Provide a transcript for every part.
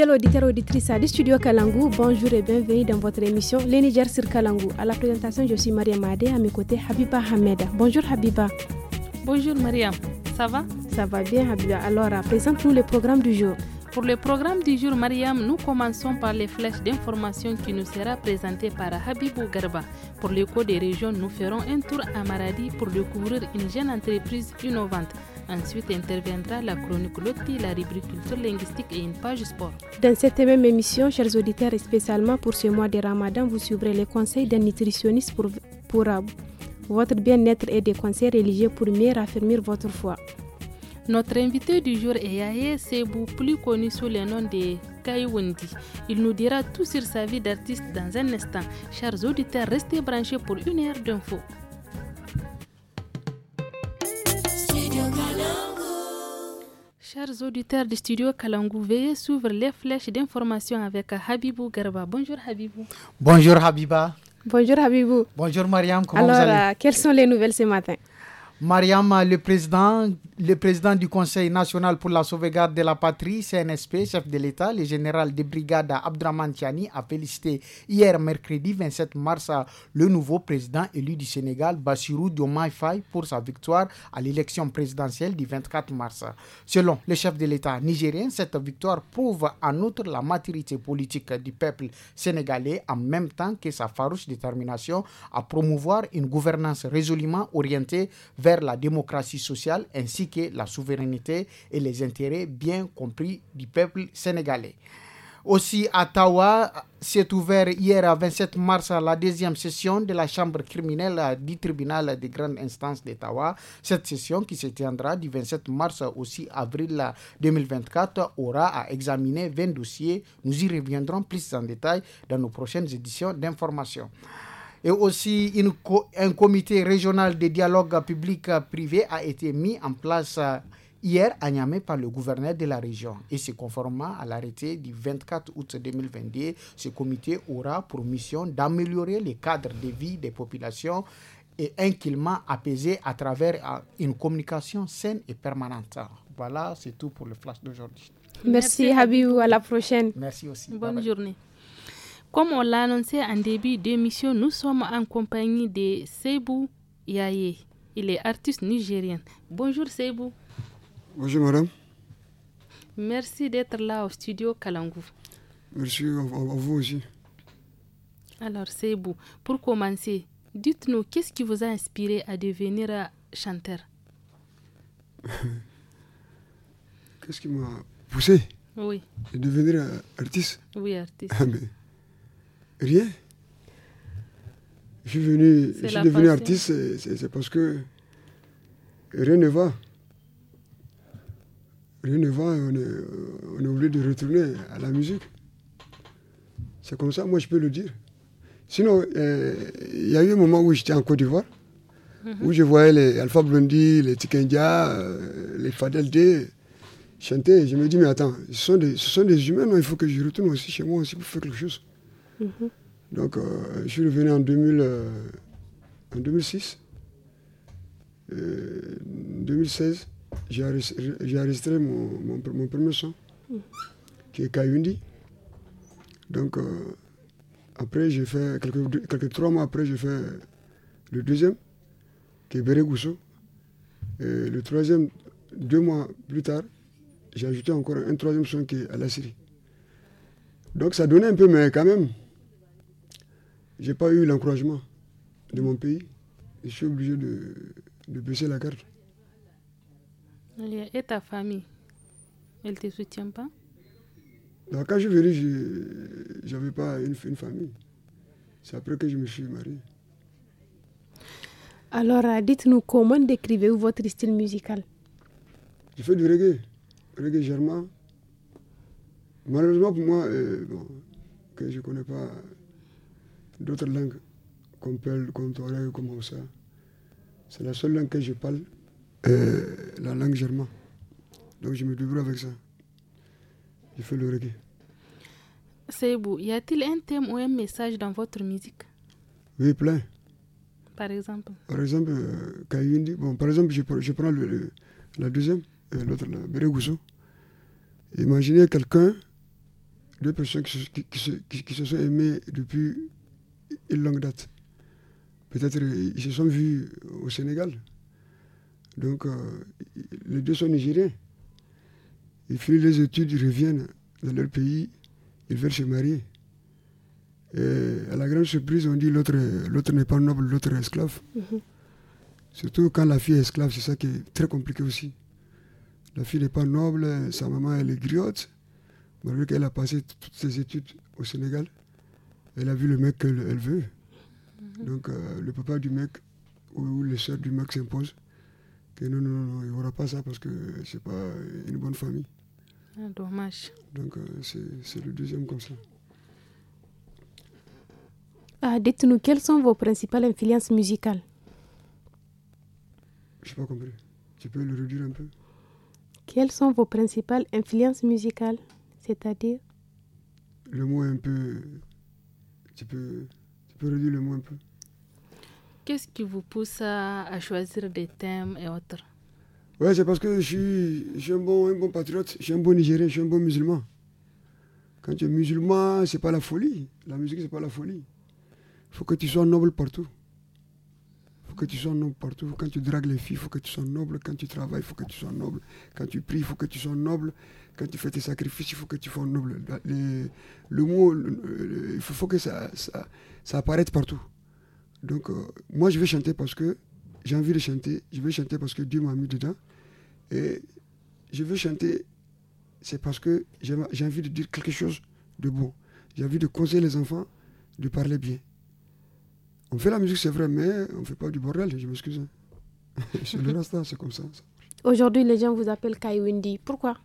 Fidèles auditeurs et auditrices du studio Kalangu, bonjour et bienvenue dans votre émission les Niger sur Kalangu. À la présentation, je suis Maria Madé, à mes côtés Habiba Hameda. Bonjour Habiba. Bonjour Mariam, ça va Ça va bien Habiba. Alors, euh, présente-nous le programme du jour. Pour le programme du jour, Mariam, nous commençons par les flèches d'information qui nous sera présentée par Habibou Garba. Pour l'écho des régions, nous ferons un tour à Maradi pour découvrir une jeune entreprise innovante. Ensuite interviendra la chronique la rubrique linguistique et une page sport. Dans cette même émission, chers auditeurs, et spécialement pour ce mois de Ramadan, vous suivrez les conseils d'un nutritionniste pour, euh, votre bien-être et des conseils religieux pour mieux raffermir votre foi. Notre invité du jour est Yahya Sebou, plus connu sous le nom de Kaiwundi. Il nous dira tout sur sa vie d'artiste dans un instant. Chers auditeurs, restez branchés pour une heure d'info. Chers auditeurs du studio Kalangou, veuillez s'ouvrir les flèches d'information avec Habibou Garba. Bonjour Habibou. Bonjour Habiba. Bonjour Habibou. Bonjour Mariam, comment Alors, vous allez euh, quelles sont les nouvelles ce matin Mariam, le président, le président du Conseil national pour la sauvegarde de la patrie, CNSP, chef de l'État, le général de brigade Abdraman Tiani, a félicité hier mercredi 27 mars le nouveau président élu du Sénégal, Bassirou Diomaye Faye, pour sa victoire à l'élection présidentielle du 24 mars. Selon le chef de l'État nigérien, cette victoire prouve en outre la maturité politique du peuple sénégalais en même temps que sa farouche détermination à promouvoir une gouvernance résolument orientée vers vers la démocratie sociale ainsi que la souveraineté et les intérêts bien compris du peuple sénégalais. Aussi, à Tawa s'est ouvert hier à 27 mars à la deuxième session de la Chambre criminelle du tribunal de grande instance d'Ottawa. Cette session, qui se tiendra du 27 mars au 6 avril 2024, aura à examiner 20 dossiers. Nous y reviendrons plus en détail dans nos prochaines éditions d'information et aussi un comité régional de dialogue public-privé a été mis en place euh, hier à Niamey par le gouverneur de la région. Et c'est conformément à l'arrêté du 24 août 2022, ce comité aura pour mission d'améliorer les cadres de vie des populations et un climat apaisé à travers euh, une communication saine et permanente. Voilà, c'est tout pour le flash d'aujourd'hui. Merci, Merci, Habibou, à la prochaine. Merci aussi. Bonne journée. Comme on l'a annoncé en début d'émission, nous sommes en compagnie de Sebou Yaye. Il est artiste nigérien. Bonjour Sebou. Bonjour madame. Merci d'être là au studio Kalangu. Merci à vous aussi. Alors Sebou, pour commencer, dites-nous qu'est-ce qui vous a inspiré à devenir chanteur Qu'est-ce qui m'a poussé Oui. devenir artiste Oui, artiste. Ah, Rien. Je suis, venu, je suis devenu artiste, c'est parce que rien ne va. Rien ne va, on est, on obligé de retourner à la musique. C'est comme ça, moi je peux le dire. Sinon, euh, il y a eu un moment où j'étais en Côte d'Ivoire, mhm. où je voyais les Alpha Blondie, les Tikendia, euh, les Fadel D chanter. Je me dis, mais attends, ce sont des, humains, il faut que je retourne aussi chez moi aussi pour faire quelque chose. Mhm. Donc, euh, je suis revenu en, 2000, euh, en 2006. En 2016, j'ai enregistré mon, mon, premier son, mhm. qui est Kayundi. Donc, euh, après, j'ai fait, quelques, quelques, trois mois après, j'ai fait le deuxième, qui est Beregusso Et le troisième, deux mois plus tard, j'ai ajouté encore un troisième son qui est à la Donc, ça donnait un peu, mais quand même. J'ai pas eu l'encouragement de mon pays. Je suis obligé de, baisser la carte. Et ta famille, elle ne te soutient pas bah, Quand je venais, je n'avais pas une, une famille. C'est après que je me suis marié. Alors, euh, dites-nous comment décrivez-vous votre style musical Je fais du reggae, reggae germain. Malheureusement pour moi, euh, que je ne connais pas d'autres langues qu'on peut, comme comment comme C'est la seule langue que je parle, euh, la langue germane. Donc je me débrouille avec ça. Je fais le reggae. beau. y a-t-il un thème ou un message dans votre musique Oui, plein. Par exemple Par exemple, euh, Bon, par exemple, je, prends la deuxième, euh, l'autre, la Imaginez quelqu'un, deux personnes se, qui, se, sont aimées depuis longue date. Peut-être euh, ils se sont vus au Sénégal. Donc, euh, les deux sont nigériens. Ils finissent les études, ils reviennent dans leur pays, ils veulent se marier. Et à la grande surprise, on dit l'autre, l'autre n'est pas noble, l'autre est esclave. Mhm. Surtout quand la fille est esclave, c'est ça qui est très compliqué aussi. La fille n'est pas noble, sa maman elle est griotte, malgré qu'elle a passé toutes ses études au Sénégal elle a vu le mec qu'elle veut. Donc euh, le papa du mec ou, les soeurs du mec s'imposent que non, non, non, il n'y aura pas ça parce que c'est pas une bonne famille. Ah, dommage. Donc euh, c'est le deuxième comme ça. Ah, Dites-nous, quelles sont vos principales influences musicales Je n'ai pas compris. Tu peux le redire un peu Quelles sont vos principales influences musicales C'est-à-dire Le mot un peu tu peux, tu peux réduire le moins un peu. Qu'est-ce qui vous pousse à, choisir des thèmes et autres Ouais, c'est parce que je suis, je un, bon, un bon patriote, je suis un bon Nigérien, je suis un bon musulman. Quand tu es musulman, c'est pas la folie. La musique, c'est pas la folie. Il faut que tu sois noble partout que tu sois noble partout. Quand tu dragues les filles, il faut que tu sois noble. Quand tu travailles, il faut que tu sois noble. Quand tu pries, il faut que tu sois noble. Quand tu fais tes sacrifices, il faut que tu sois noble. le mot, il faut, que ça, ça, apparaisse partout. Donc, euh, moi, je vais chanter parce que j'ai envie de chanter. Je vais chanter parce que Dieu m'a mis dedans. Et je veux chanter, c'est parce que j'ai envie de dire quelque chose de beau J'ai envie de conseiller les enfants de parler bien. On fait la musique, c'est vrai, mais on ne fait pas du bordel, je m'excuse. C'est le reste, hein, c'est comme ça. Aujourd'hui, les gens vous appellent Kaiwindi. Pourquoi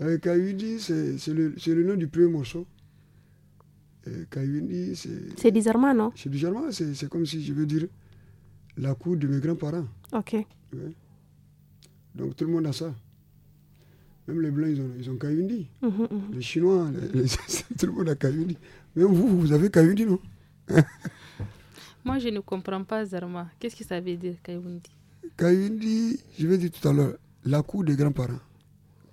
euh, Kaiwindi, c'est le, le, nom du premier morceau. Euh, Kaiwindi, c'est. C'est bizarrement, non C'est bizarrement, c'est comme si je veux dire la cour de mes grands-parents. Ok. Donc tout le monde a ça. Même les Blancs, ils ont, ils ont mmh, mmh, mmh. Les Chinois, tout le monde a Kaiwindi. Même vous, vous avez Kaiwindi, non Moi, je ne comprends pas Zarma. Qu'est-ce que ça veut dire, Kayundi Kayundi, je vais dire tout à l'heure, la cour des grands-parents.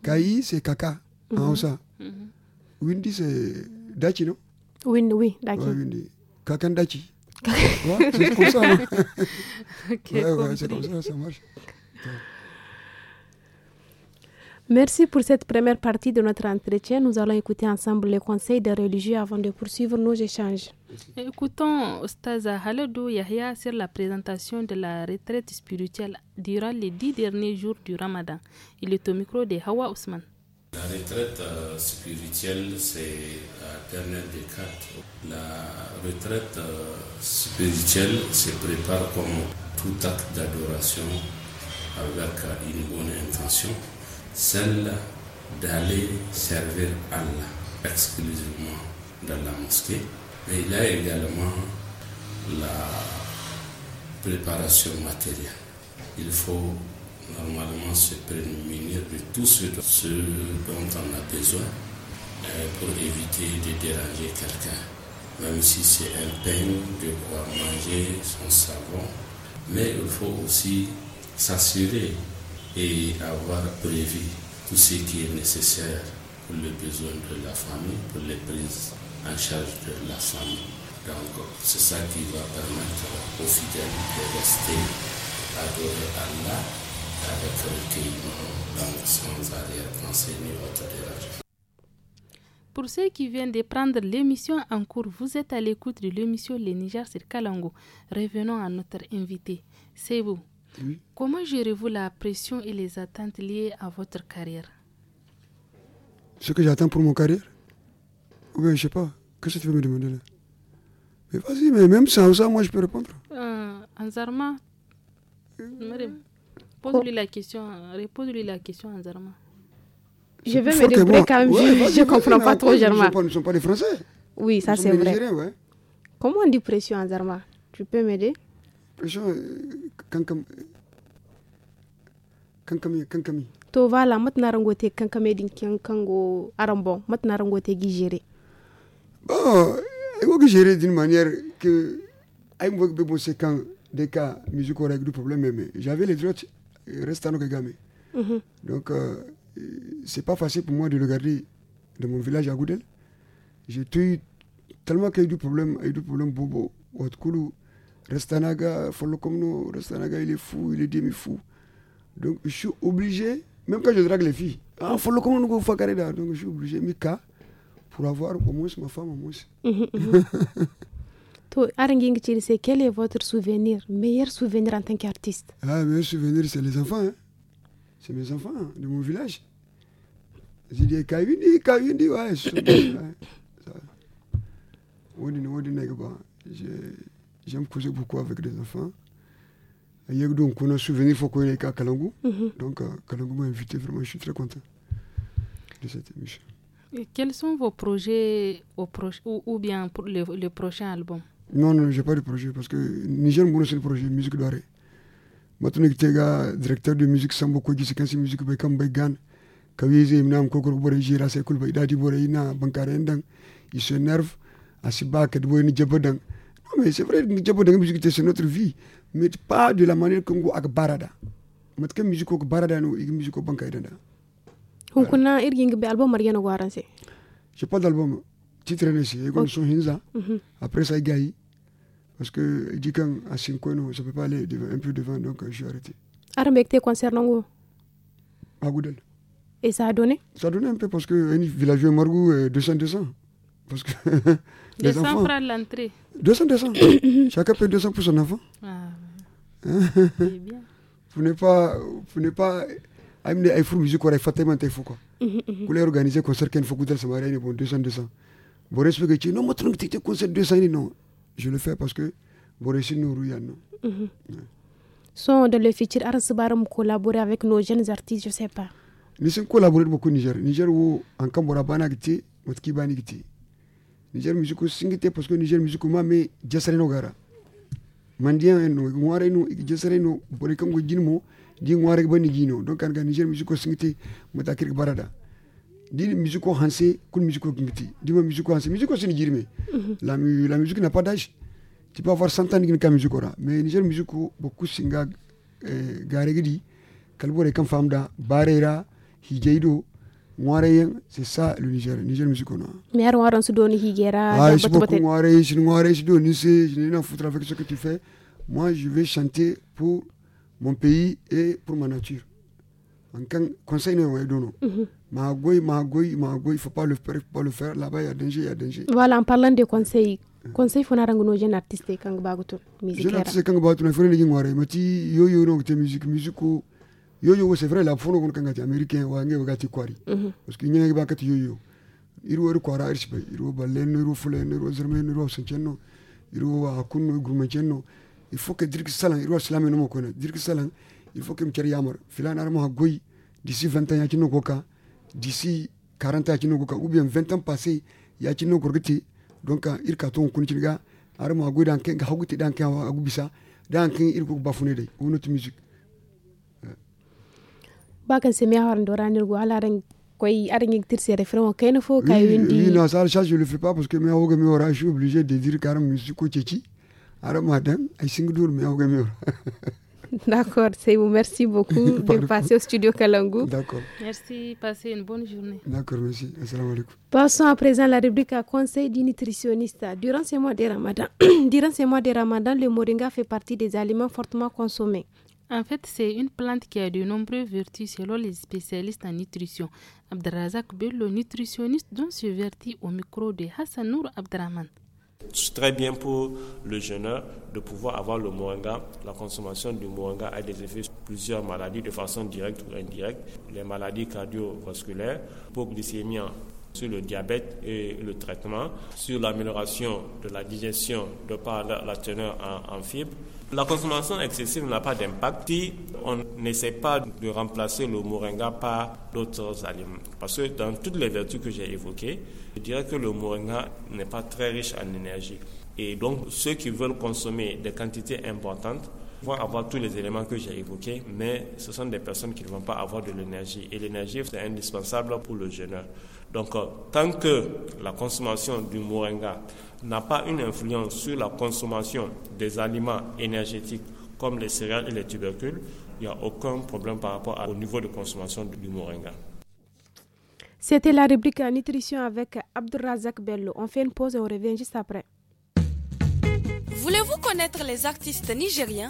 Kayi, mhm. c'est caca, mm en mhm. Mhm. Windi, c'est Dachi, non Windi, oui, Dachi. Ouais, Dachi. c'est comme ça, non Ok, ouais, ouais, c'est comme ça, ça marche. Merci pour cette première partie de notre entretien. Nous allons écouter ensemble les conseils des religieux avant de poursuivre nos échanges. Écoutons Ostaza Haladou Yahya sur la présentation de la retraite spirituelle durant les dix derniers jours du Ramadan. Il est au micro de Hawa Ousmane. La retraite euh, spirituelle, c'est la euh, dernière des quatre. La retraite euh, spirituelle se prépare comme tout acte d'adoration avec une bonne intention celle d'aller servir Allah exclusivement dans la mosquée. Et il y a également la préparation matérielle. Il faut normalement se prémunir de tout ce dont on a besoin euh, pour éviter de déranger quelqu'un. Même si c'est un peigne de pouvoir manger son savon, mais il faut aussi s'assurer et avoir prévu tout ce qui est nécessaire pour les besoins de la famille, pour les prises en charge de la famille. Donc, c'est ça qui va permettre aux fidèles de rester à Allah avec recueillement, donc sans arrière-pensée ni autre Pour ceux qui viennent de prendre l'émission en cours, vous êtes à l'écoute de l'émission Les Niger sur Kalango. Revenons à notre invité. C'est vous. Comment gérez-vous la pression et les attentes liées à votre carrière Ce que j'attends pour mon carrière Ou bien je sais pas. Qu'est-ce que tu veux me demander là Mais vas-y, mais même sans ça, moi je peux répondre. Euh, Anzarma, euh, pose-lui la question. Réponds-lui la question, Anzarma. Je vais me débrouiller quand même. je ne comprends pas trop, Germain. Nous ne sommes pas des Français. Oui, ça c'est vrai. Comment on dit pression, Anzarma Tu peux m'aider expression euh, kankam kankami kankami to vala matna rangote kankame din kankango arambo matna rangote géré bon ego géré d'une manière que ay mo be bon c'est quand des cas musicaux avec du problème mais j'avais les droits euh, restant au gamé mhm. donc euh, euh, c'est pas facile pour moi de le garder de mon village à Goudel j'ai eu tellement qu'il y a eu du problème il y a eu du problème bobo au Kulu Restanaga, il est fou, il est demi-fou. Donc, je suis obligé, même quand je drague les filles, ah, Folokomno, nous, Donc, je suis obligé, Mika, pour avoir au moins ma femme, au moins. c'est quel est votre souvenir, meilleur souvenir en tant qu'artiste Ah, meilleur souvenir, c'est les enfants. Hein. C'est mes enfants hein, de mon village. Je dit, Kavini, Kavini, ouais, je suis. Odin, J'aime causer beaucoup avec les enfants. Et donc, on a souvenir, il faut qu'on ait à Kalangou. Mhm. Donc, euh, Kalangou m'a invité, vraiment, je suis très content de cette émission. Et quels sont vos projets au pro ou, bien pour le, le, prochain album Non, non, j'ai pas de projet parce que Niger Mouno, c'est le projet Musique d'Oaré. Maintenant, je suis directeur de musique sans beaucoup de séquences c'est musique Baikam Baigan. Kawize, il m'a encore collaboré, j'ai rassé Koulba, il a dit, il a bankare, il s'énerve, il s'énerve, il s'énerve, il s'énerve, mais c'est vrai, Djabo de musique, c'est notre vie. Mais pas de la manière qu'on a barada. Mais que musique qu'on barada, nous, et musique qu'on banque aidant. On connaît, il y a un album, Mariana J'ai pas d'album. Titre Nessie, et comme son Hinza. Mhm. Après ça, il gagne. Parce que, il dit à 5 ans, je peux pas aller un peu devant, donc je suis arrêté. Armec, tes concerts, non? À Goudel. Et ça a donné Ça a donné un peu parce que un villageois Margou, 200-200. Euh, parce que. 200 enfants, francs l'entrée. 200, 200. Chacun paye 200 pour son enfant. Ah, c'est hein? bien. Vous n'êtes pas. Vous n'êtes pas amine ay furu musique wara fatta man quoi. fuko kula organiser concert il faut que samara ni bon 200 200 Vous respectez ci non motron ti concert 200 non je le fais parce que vous réussissez nous rouyanno sont dans le futur Barum collaborer avec nos jeunes artistes je sais pas ni sont collaborer beaucoup Niger Niger où, en kambora bana giti mutki bani giti niger musiku singi te parce que niger musiku mame no gara mandiyan en no ngware no jasareno bore kango jinmo di ngware bani gino donc kan ga niger musiku singi te mata kir barada di musiku hanse kun musiku ngiti di ma musiku hanse musiku sin me, mhm. la la musique n'a pas d'âge tu peux avoir 100 ans ni ka musiku mais niger musiku beaucoup singa eh, gare gidi kalbore kan famda barera hijeido ŋwareyen c'est ça le Niger Niger musique no mais ar waran su doni higera ah je beaucoup ŋware je ŋware je doni c'est je n'ai rien foutre avec ce que tu fais moi je vais chanter pour mon pays et pour ma nature en conseil ne ouais dono ma goy ma goy ma goy faut pas le faire faut pas le faire là-bas il y a danger il y a danger voilà en parlant des conseils conseil fona euh. rangu no jeune artiste kang bagutun musique jeune artiste kang bagutun fere ni ŋware mati yo yo no te musique musique yoyo c'est vrai la fono gon kanga ti américain wa nge wagati parce que nyenge ba kati mhm. yoyo iru wori kwara irsbe iru balen iru fulen iru zermen iru sancheno iru wa kunno gurmancheno il faut que dirk salan iru islam no ko dirk salan il faut que mchari yamar filan armo ha goyi d'ici 20 ans yakino koka d'ici 40 ans yakino koka ou bien 20 ans passé yakino gorgiti donc irka ton kunchirga armo ha goyi dan ken ga hawgiti dan ken ha dan ken irko bafune dai unot musique ba se ala ran koy aran yek tir se kay no fo kay windi oui non ça ça je le fais pas parce que me hoga me je suis obligé de dire car musique ko tchéti ara madame ay singdur me hoga me D'accord, c'est vous. Merci beaucoup de passer au studio Kalangu. D'accord. Merci, passez une bonne journée. D'accord, merci. Assalamu alaikum. Passons à présent la rubrique à conseil du nutritionniste. Durant ces mois de Ramadan, durant ces mois de Ramadan, le moringa fait partie des aliments fortement consommés. En fait, c'est une plante qui a de nombreuses vertus selon les spécialistes en nutrition. Abdrazak le nutritionniste donne ce vertit au micro de Hassanour Abdraman. C'est très bien pour le jeuneur de pouvoir avoir le moringa. La consommation du moringa a des effets sur plusieurs maladies de façon directe ou indirecte. Les maladies cardiovasculaires, glycémie, sur le diabète et le traitement, sur l'amélioration de la digestion de par la, teneur en, en fibres la consommation excessive n'a pas d'impact si on n'essaie pas de remplacer le moringa par d'autres aliments. Parce que dans toutes les vertus que j'ai évoquées, je dirais que le moringa n'est pas très riche en énergie. Et donc, ceux qui veulent consommer des quantités importantes vont avoir tous les éléments que j'ai évoqués, mais ce sont des personnes qui ne vont pas avoir de l'énergie. Et l'énergie, c'est indispensable pour le jeûneur. Donc, euh, tant que la consommation du moringa n'a pas une influence sur la consommation des aliments énergétiques comme les céréales et les tubercules, il n'y a aucun problème par rapport au niveau de consommation du moringa. C'était la rubrique nutrition avec Abdrazak Bello. On fait une pause et on revient juste après. Voulez-vous connaître les artistes nigériens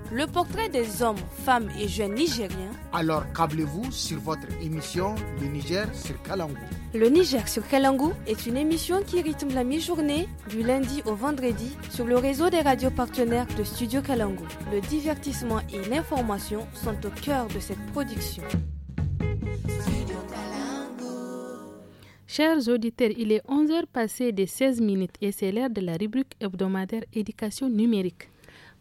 le portrait des hommes, femmes et jeunes nigériens. Alors câblez-vous sur votre émission Le Niger sur Kalangou. Le Niger sur Kalangou est une émission qui rythme la mi-journée du lundi au vendredi sur le réseau des radios partenaires de Studio Kalangou. Le divertissement et l'information sont au cœur de cette production. Chers auditeurs, il est 11h passé des 16 minutes et c'est l'heure de la rubrique hebdomadaire éducation numérique.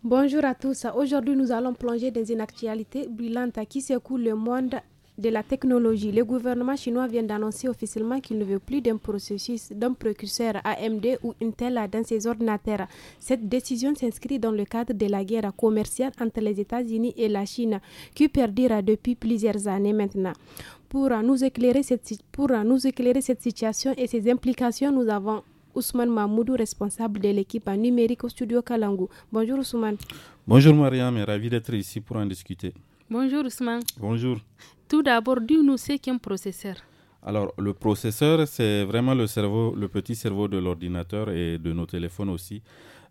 Bonjour à tous. Aujourd'hui, nous allons plonger dans une actualité brillante qui secoue le monde de la technologie. Le gouvernement chinois vient d'annoncer officiellement qu'il ne veut plus d'un processus d'un précurseur AMD ou Intel dans ses ordinateurs. Cette décision s'inscrit dans le cadre de la guerre commerciale entre les États-Unis et la Chine qui perdira depuis plusieurs années maintenant. Pour nous éclairer cette, pour nous éclairer cette situation et ses implications, nous avons Ousmane Mahmoudou, responsable de l'équipe en numérique au studio Kalangu. Bonjour Ousmane. Bonjour Mariam, ravi d'être ici pour en discuter. Bonjour Ousmane. Bonjour. Tout d'abord, dis-nous ce qu'est un processeur. Alors, le processeur, c'est vraiment le cerveau, le petit cerveau de l'ordinateur et de nos téléphones aussi.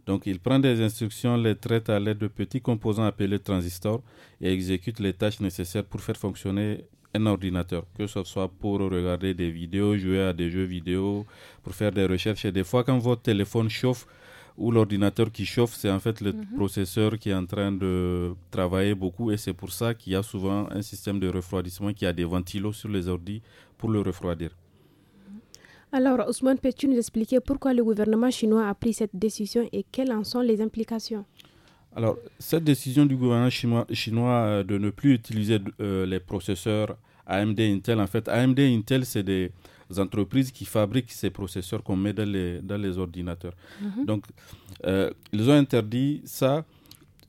Donc, il prend des instructions, les traite à l'aide de petits composants appelés transistors et exécute les tâches nécessaires pour faire fonctionner un ordinateur, que ce soit pour regarder des vidéos, jouer à des jeux vidéo, pour faire des recherches. Et des fois, quand votre téléphone chauffe ou l'ordinateur qui chauffe, c'est en fait le mhm. processeur qui est en train de travailler beaucoup. Et c'est pour ça qu'il y a souvent un système de refroidissement qui a des ventilos sur les ordi pour le refroidir. Mhm. Alors, Ousmane, peux-tu nous expliquer pourquoi le gouvernement chinois a pris cette décision et quelles en sont les implications alors, cette décision du gouvernement chinois, euh, de ne plus utiliser euh, les processeurs AMD Intel, en fait, AMD Intel, c'est des entreprises qui fabriquent ces processeurs qu'on met dans les, dans les ordinateurs. Mm-hmm. Donc, euh, ils ont interdit ça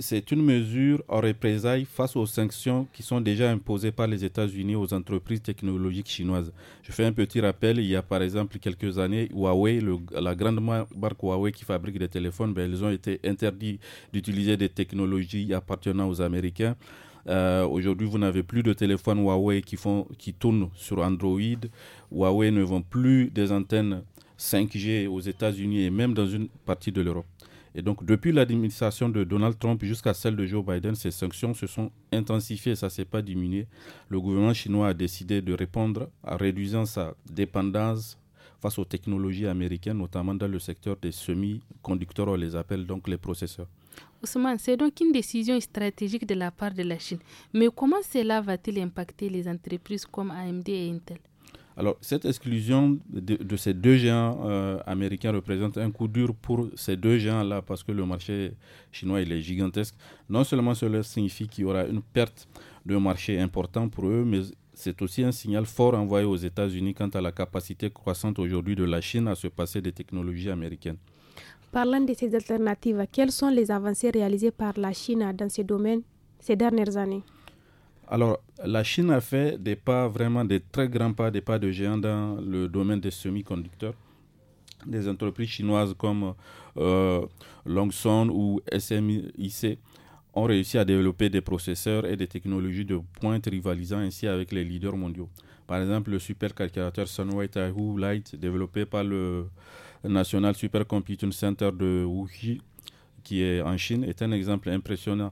c'est une mesure en représailles face aux sanctions qui sont déjà imposées par les États-Unis aux entreprises technologiques chinoises. Je fais un petit rappel, il y a par exemple quelques années, Huawei, la grande marque Huawei qui fabrique des téléphones, ben, ils ont été interdits d'utiliser des technologies appartenant aux Américains. Euh, aujourd'hui, vous n'avez plus de téléphones Huawei qui, font, qui tournent sur Android. Huawei ne vend plus des antennes 5G aux États-Unis et même dans une partie de l'Europe. Et donc, depuis l'administration de Donald Trump jusqu'à celle de Joe Biden, ces sanctions se sont intensifiées, ça ne s'est pas diminué. Le gouvernement chinois a décidé de répondre en réduisant sa dépendance face aux technologies américaines, notamment dans le secteur des semi-conducteurs, on les appelle donc les processeurs. Ousmane, c'est donc une décision stratégique de la part de la Chine. Mais comment cela va-t-il impacter les entreprises comme AMD et Intel alors, cette exclusion de, ces deux géants euh, américains représente un coup dur pour ces deux géants-là parce que le marché chinois, il est gigantesque. Non seulement cela signifie qu'il y aura une perte de marché important pour eux, mais c'est aussi un signal fort envoyé aux États-Unis quant à la capacité croissante aujourd'hui de la Chine à se passer des technologies américaines. Parlant de ces alternatives, quelles sont les avancées réalisées par la Chine dans ces domaines ces dernières années alors, la Chine a fait des pas, vraiment des très grands pas, des pas de géant dans le domaine des semi-conducteurs. Des entreprises chinoises comme euh, Longson ou SMIC ont réussi à développer des processeurs et des technologies de pointe rivalisant ainsi avec les leaders mondiaux. Par exemple, le supercalculateur Sunway Taihu Light développé par le National Supercomputing Center de Wuxi, qui est en Chine, est un exemple impressionnant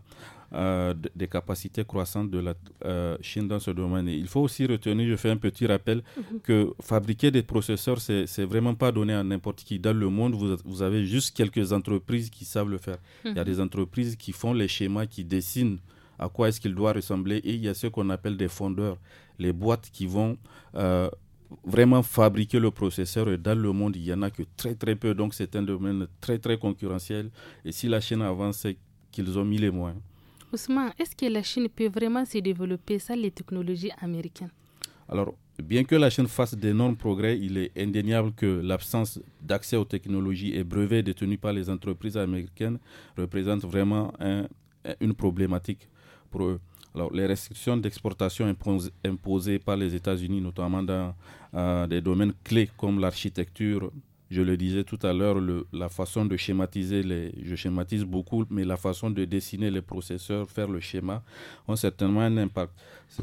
euh, des capacités croissantes de la euh, Chine dans ce domaine. Et il faut aussi retenir, je fais un petit rappel, mhm. que fabriquer des processeurs, c'est vraiment pas donné à n'importe qui. Dans le monde, vous, avez juste quelques entreprises qui savent le faire. Il y a mhm. des entreprises qui font les schémas, qui dessinent à quoi est-ce qu'il doit ressembler. Et il y a ce qu'on appelle des fondeurs, les boîtes qui vont euh, vraiment fabriquer le processeur. Et dans le monde, il y en a que très très peu. Donc c'est un domaine très très concurrentiel. Et si la Chine avance, c'est qu'ils ont mis les moyens. Ousmane, est-ce que la Chine peut vraiment se développer sans les technologies américaines Alors, bien que la Chine fasse d'énormes progrès, il est indéniable que l'absence d'accès aux technologies et brevets détenus par les entreprises américaines représente vraiment une problématique pour eux. Alors, les restrictions d'exportation imposées par les États-Unis, notamment dans euh, des domaines clés comme l'architecture, je le disais tout à l'heure, la façon de schématiser, les, je schématise beaucoup, mais la façon de dessiner les processeurs, faire le schéma, ont certainement un impact.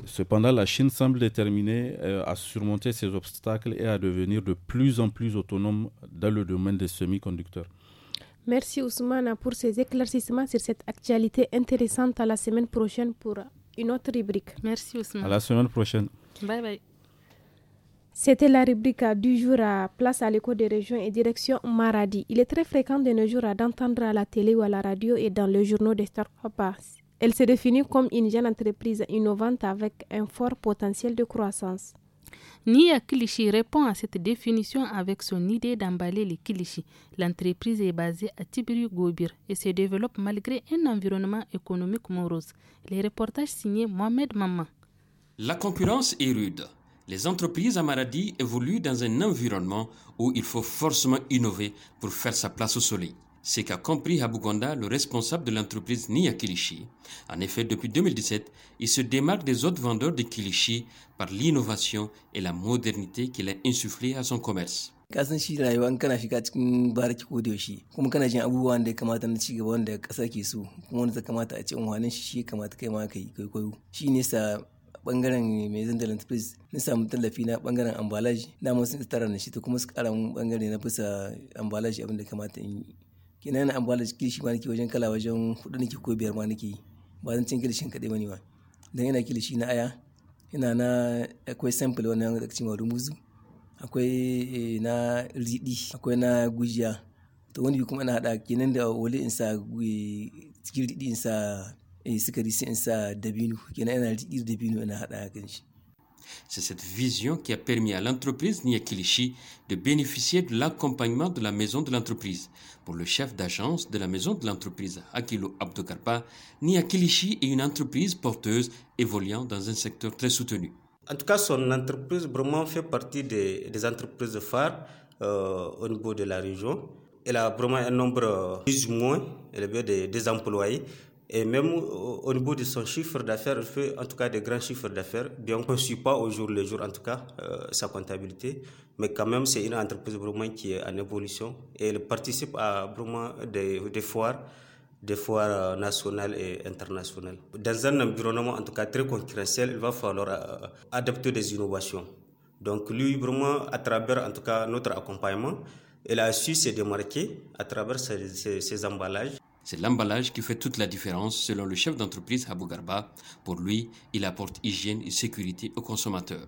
Cependant, la Chine semble déterminée euh, à surmonter ces obstacles et à devenir de plus en plus autonome dans le domaine des semi-conducteurs. Merci Ousmane pour ces éclaircissements sur cette actualité intéressante. À la semaine prochaine pour une autre rubrique. Merci Ousmane. À la semaine prochaine. Bye bye. C'était la rubrique du jour à Place à l'écho des régions et direction Maradi. Il est très fréquent de nos jours d'entendre à la télé ou à la radio et dans le journaux des startups. Elle se définit comme une jeune entreprise innovante avec un fort potentiel de croissance. Nia Kilichi répond à cette définition avec son idée d'emballer les Kilichi. L'entreprise est basée à tibiru Gobir et se développe malgré un environnement économique morose. Les reportages signés Mohamed Maman. La concurrence est rude. Les entreprises à Maradi évoluent dans un environnement où il faut forcément innover pour faire sa place au soleil. C'est qu'a compris Habugonda, le responsable de l'entreprise Nia Kilishi. En effet, depuis 2017, il se démarque des autres vendeurs de Kilishi par l'innovation et la modernité qu'il a insufflée à son commerce. bangaren mai zan da lantarki na samu tallafi na bangaren ambalaji dama sun tara na shi ta kuma su kara mun bangare na bisa ambalaji abin da kamata in yi kenan ambalaji kilishi ma nake wajen kala wajen hudu nake ko biyar ma nake yi ba zan cin kilishin kaɗai ba ne ba dan yana kilishi na aya yana na akwai sample wannan da cewa rumuzu akwai eh, na riɗi akwai na gujiya to wani kuma na haɗa kenan da wali in sa eh, cikin riɗi in sa Eh, C'est cette vision qui a permis à l'entreprise Niakilichi de bénéficier de l'accompagnement de la maison de l'entreprise. Pour le chef d'agence de la maison de l'entreprise, Akilo Abdokarpa, Niakilichi est une entreprise porteuse évoluant dans un secteur très soutenu. En tout cas, son entreprise vraiment fait partie des, entreprises phares euh, au niveau de la région. Elle a vraiment un nombre euh, plus ou moins élevé des, des employés et même au niveau de son chiffre d'affaires, il fait en tout cas des grands chiffres d'affaires, bien qu'on ne suit pas au jour le jour, en tout cas, euh, sa comptabilité. Mais quand même, c'est une entreprise vraiment qui est en évolution et elle participe à vraiment des, foires, des foires euh, nationales et internationales. Dans un environnement, en tout cas, très concurrentiel, il va falloir adopter euh, adapter des innovations. Donc, lui, vraiment, à travers, en tout cas, notre accompagnement, elle a su se démarquer à travers ses emballages. C'est l'emballage qui fait toute la différence selon le chef d'entreprise Abou Garba. Pour lui, il apporte hygiène et sécurité aux consommateurs.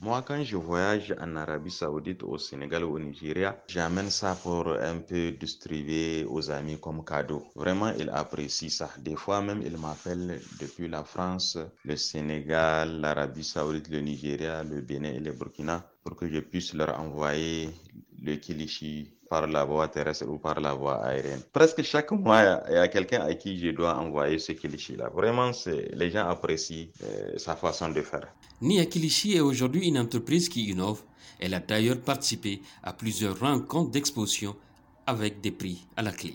Moi, quand je voyage en Arabie Saoudite, au Sénégal ou au Nigeria, j'amène ça pour un peu distribuer aux amis comme cadeau. Vraiment, ils apprécient ça. Des fois même, ils m'appellent depuis la France, le Sénégal, l'Arabie Saoudite, le Nigeria, le Bénin et le Burkina pour que je puisse leur envoyer le kilichi par la voie terrestre ou par la voie aérienne. Presque chaque mois, il y a, quelqu'un à qui je dois envoyer ce Kilichi. là Vraiment, les gens apprécient euh, sa façon de faire. Nia Kilichi est aujourd'hui une entreprise qui innove. Elle a d'ailleurs participé à plusieurs rencontres d'exposition avec des prix à la clé.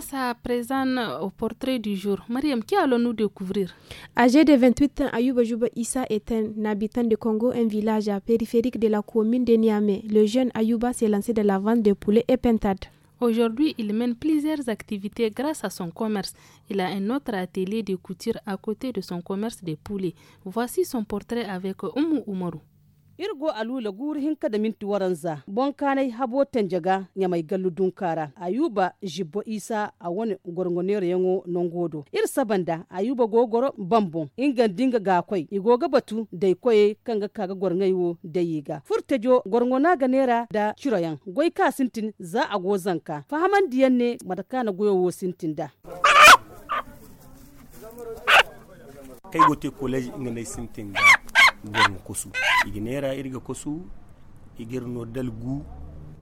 place à présent au portrait du jour. Mariam, qui allons-nous découvrir Âgé de 28 ans, Ayouba Juba Issa est un habitant de Congo, un village à périphérique de la commune de Niamey. Le jeune Ayouba s'est lancé dans la vente de poulets et pentades. Aujourd'hui, il mène plusieurs activités grâce à son commerce. Il a un autre atelier de couture à côté de son commerce de poulets. Voici son portrait avec Oumu Oumarou. irgo alula guri hinka da minti waranza kanai habo jaga ya mai gallu dunkara ayuba jibbo isa a wani gorgonero yango nongodo ir sabanda ayuba gogoro bambon ingan dinga ga koi igoga batu dai koye kanga kaga gorngayo da yiga furtejo gorgona ga nera da chiroyan goi ka sintin za a gozanka fahaman diyan ne madakana wo sintin da kai gote college inga sintin da kusu igi naira irga no dal gu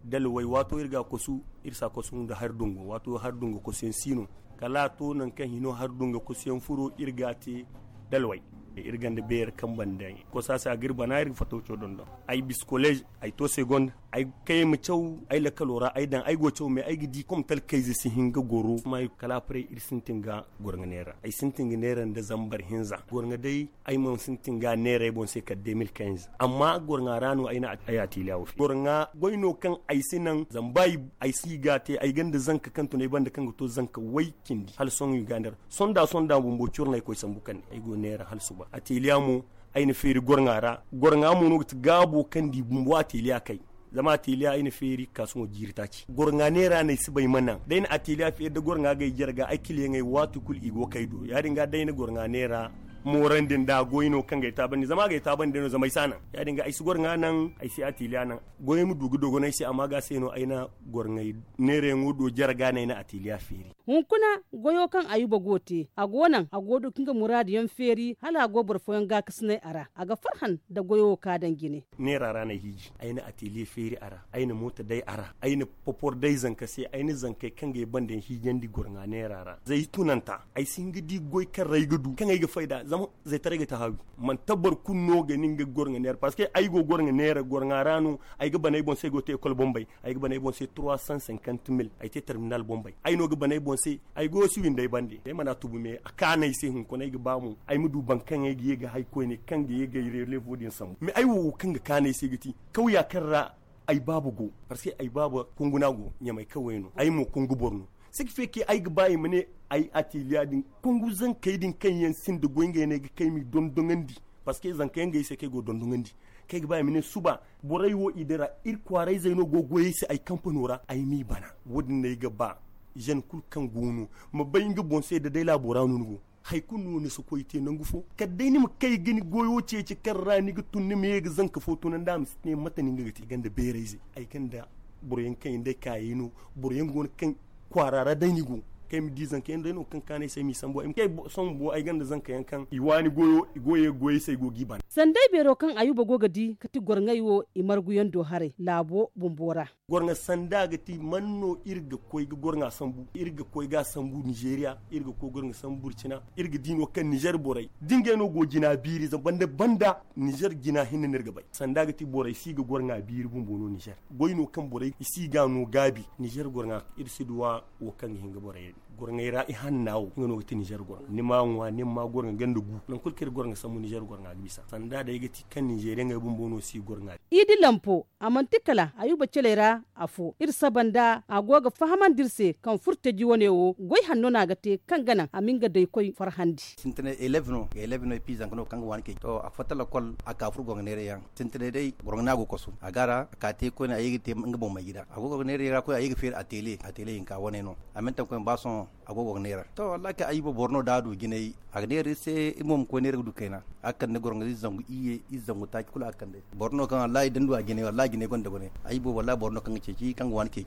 dal wai wato irga kusu irsa kusu da har dungo wato har dungo kusin sino kala to nan kan hino har dungo kusin furo irga te dalwai e irgande beer kambandai ko sa sa girba na banari fato don don ay bis college ay to seconde ay kay mi chaw ay la kalora ay dan ay go chaw me ay gidi kom tal kay si hinga goro mai kala pre ir sintinga gornga nera ay sintinga nera da zambar hinza gornga dai ay mon sintinga nera e bon se 2015 amma gornga ranu ay na ayati lawo gornga goyno kan ay sinan zambai ay siga te ay ganda zanka kanto ne banda kan to zanka waikindi hal son yugandar sonda sonda bumbo churna ko sambukan ay go nera hal suba a mu aini feri gorngara mu ti gabo di bumbu a teliya kai zama a ateliya ina feri kasun jirta ci gornga ne rana su bai mana dai na ateliya fiye da gornga gai jirga akili ngai watu kul igo do ya dinga dai na gornga ne ra moran din da goyino kan ga ita bane zama ga ita bane dai no zama isana ya dinga ai su gornga nan ai sai teliya nan goyi mu dugu dogo nai sai amma ga sai no aina gornga ne re ngudo jirga ne na teliya feri kuna goyo kan ayuba gote a gonan a godu kinga muradi yan feri hala go borfo yan ga kisne ara a ga farhan da goyo ka gine ne rara na hiji aina atili feri ara aina mota dai ara aina popor dai zanka sai aina zankai kan ga ban hijen di gurna ne rara zai tunanta ai sin gidi goy kan rai gudu kan ga faida zama zai tare ga tahawi man tabbar kunno ga ninga gurna ne parce que ai go gurna ne ra gurna ranu ai ga banai bon sai go te école bombay ai ga banai bon sai 350 mil ai te terminal bombay ai no ga banai bon se ay go suwin day bandi e mana tubu me akana se hun ko nay bamu ay mudu bankan ye ga hay ko ne kan ge ga relevo din sam me ay wo kan ga kana se giti ya karra ay babu go parce que ay babu kunguna go kawai no ay mu kungu borno ce qui fait que ay ga bayi mene ay atiliya din kungu zan kai din kan yan sin da goyin ne ga kai mi don dongandi parce que zan kai ngai se kai go don dongandi kai ga mine suba borai wo idara ir kwarai zaino go goyi se ay kampanora ay mi bana wodin ne ga ba jeune kul kan gonu ma bayinga sey da dai labora nunugo hay kunu ne so koyte nangu fo kadde ni ma kay gani goyo ce ci rani ga tunni me ga zanka fo tunan dam ne mata ni ti ganda berezi ay kan da buryen kan inde kayinu buryen gon kan kwarara dai ni go kai mi dizan kai ndo kan kane sai mi sambo im kai son bo ai ganda zan kayan kan i wani goyo goye goye sai gogi ban sandai bero kan ayuba gogadi kati gorngayo i marguyan do hare labo bumbora gornga sanda gati manno irga koy ga gornga sambu irga koy ga sambu nigeria irga ko gornga sambu burkina irga dino kan niger borai dinge no go gina biri zan banda banda niger gina hinne nirga bai sanda gati borai si ga gornga biri bumbono niger goyno kan borai si ga no gabi niger gornga irsiduwa wo kan hinga borai gorngeira i han naw ngono ti niger gorn ni ma ngwa ni ma gorn gendo gu lan kul kir gorn samu niger gorn ga bisa sanda da yigiti kan nigeria nga bumbo no si gorn ga idi lampo amantikala ayuba chelera afo ir sabanda agoga fahaman dirse kan furte ji wone wo goy hanno naga te kan gana aminga dai koy farhandi sintene 11 no 11 no pisa kono kan wanke to a la kol aka fur gorn nere yan sintene dai gorn na go kosu agara ka te ko na yigiti nga bomma gida agoga nere ra ko yigi fer atele atele in ka wone no amenta ko baso ago agogo nera to wallahi ka ayibo borno dadu ginai agnere se imom ko nera du kaina akan ne gorngi zangu iye izangu ta kula akan de borno kan wallahi dandu a ginai wallahi ginai gonda gone ayibo wallahi borno kan ceci kan wan keki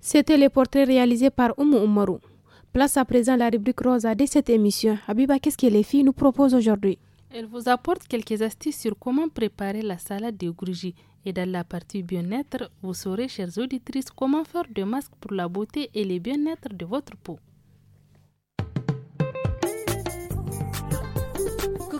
C'était le portrait réalisé par Oumu Oumarou. Place à présent la rubrique Rosa de cette émission. Habiba, qu'est-ce que les filles nous proposent aujourd'hui Elle vous apporte quelques astuces sur comment préparer la salade de gourgis et dans la partie bien-être, vous saurez, chères auditrices, comment faire des masques pour la beauté et le bien-être de votre peau.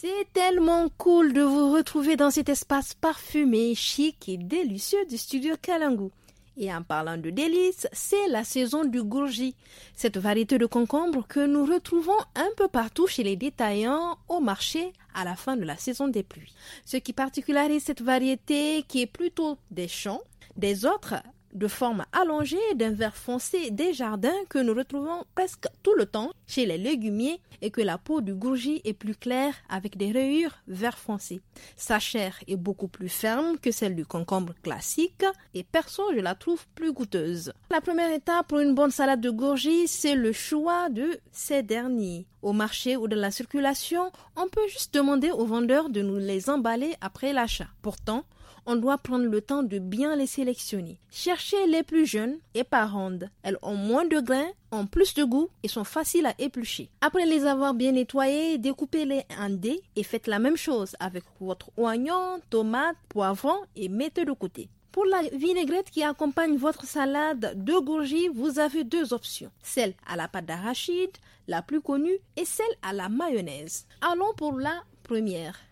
C'est tellement cool de vous retrouver dans cet espace parfumé, chic et délicieux du studio Kalangu. Et en parlant de délices, c'est la saison du Gourji. cette variété de concombre que nous retrouvons un peu partout chez les détaillants, au marché, à la fin de la saison des pluies. Ce qui particularise cette variété qui est plutôt des champs des autres de forme allongée d'un vert foncé des jardins que nous retrouvons presque tout le temps chez les légumiers et que la peau du gourgi est plus claire avec des rayures vert foncé. Sa chair est beaucoup plus ferme que celle du concombre classique et perso je la trouve plus goûteuse. La première étape pour une bonne salade de gourgi c'est le choix de ces derniers. Au marché ou dans la circulation, on peut juste demander aux vendeurs de nous les emballer après l'achat. Pourtant, on doit prendre le temps de bien les sélectionner. Cherchez les plus jeunes et par ronde. Elles ont moins de grains, ont plus de goût et sont faciles à éplucher. Après les avoir bien nettoyées, découpez-les en dés et faites la même chose avec votre oignon, tomate, poivron et mettez de côté. Pour la vinaigrette qui accompagne votre salade de gourgis, vous avez deux options. Celle à la pâte d'arachide, la plus connue, et celle à la mayonnaise. Allons pour la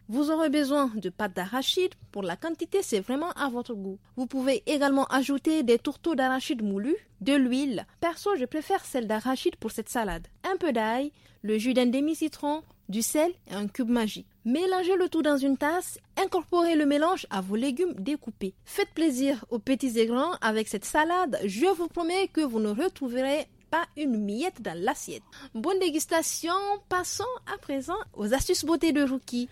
vous aurez besoin de pâte d'arachide pour la quantité, c'est vraiment à votre goût. Vous pouvez également ajouter des tourteaux d'arachide moulu, de l'huile. Perso, je préfère celle d'arachide pour cette salade. Un peu d'ail, le jus d'un demi-citron, du sel et un cube magique. Mélangez le tout dans une tasse, incorporez le mélange à vos légumes découpés. Faites plaisir aux petits et grands avec cette salade, je vous promets que vous ne retrouverez une miette dans l'assiette. Bonne dégustation, passons à présent aux astuces beauté de Rookie.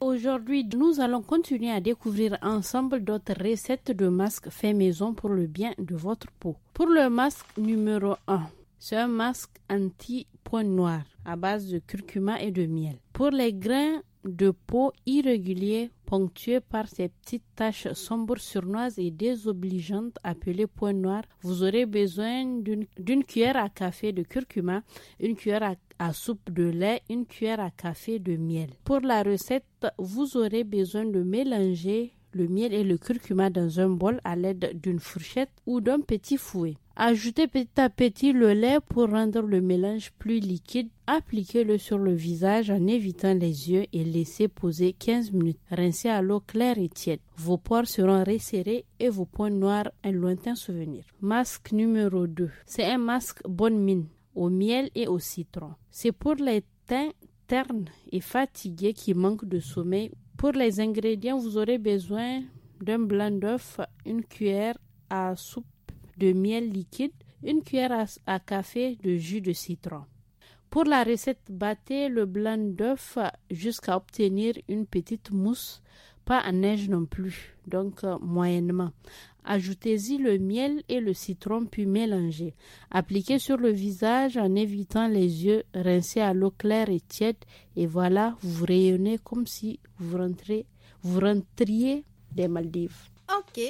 Aujourd'hui, nous allons continuer à découvrir ensemble d'autres recettes de masques fait maison pour le bien de votre peau. Pour le masque numéro 1, c'est un masque anti-point noir à base de curcuma et de miel. Pour les grains de peau irréguliers, ponctué par ces petites taches sombres surnoises et désobligeantes appelées points noirs. Vous aurez besoin d'une cuillère à café de curcuma, une cuillère à, à soupe de lait, une cuillère à café de miel. Pour la recette, vous aurez besoin de mélanger le miel et le curcuma dans un bol à l'aide d'une fourchette ou d'un petit fouet. Ajoutez petit à petit le lait pour rendre le mélange plus liquide. Appliquez-le sur le visage en évitant les yeux et laissez poser 15 minutes. Rincez à l'eau claire et tiède. Vos pores seront resserrés et vos points noirs un lointain souvenir. Masque numéro 2. C'est un masque bonne mine au miel et au citron. C'est pour les teints ternes et fatigués qui manquent de sommeil. Pour les ingrédients, vous aurez besoin d'un blanc d'œuf, une cuillère à soupe de miel liquide, une cuillère à, café de jus de citron. Pour la recette, battez le blanc d'œuf jusqu'à obtenir une petite mousse, pas à neige non plus, donc euh, moyennement. Ajoutez-y le miel et le citron puis mélangez. Appliquez sur le visage en évitant les yeux, rincez à l'eau claire et tiède et voilà, vous rayonnez comme si vous vous rentriez des Maldives. Ok,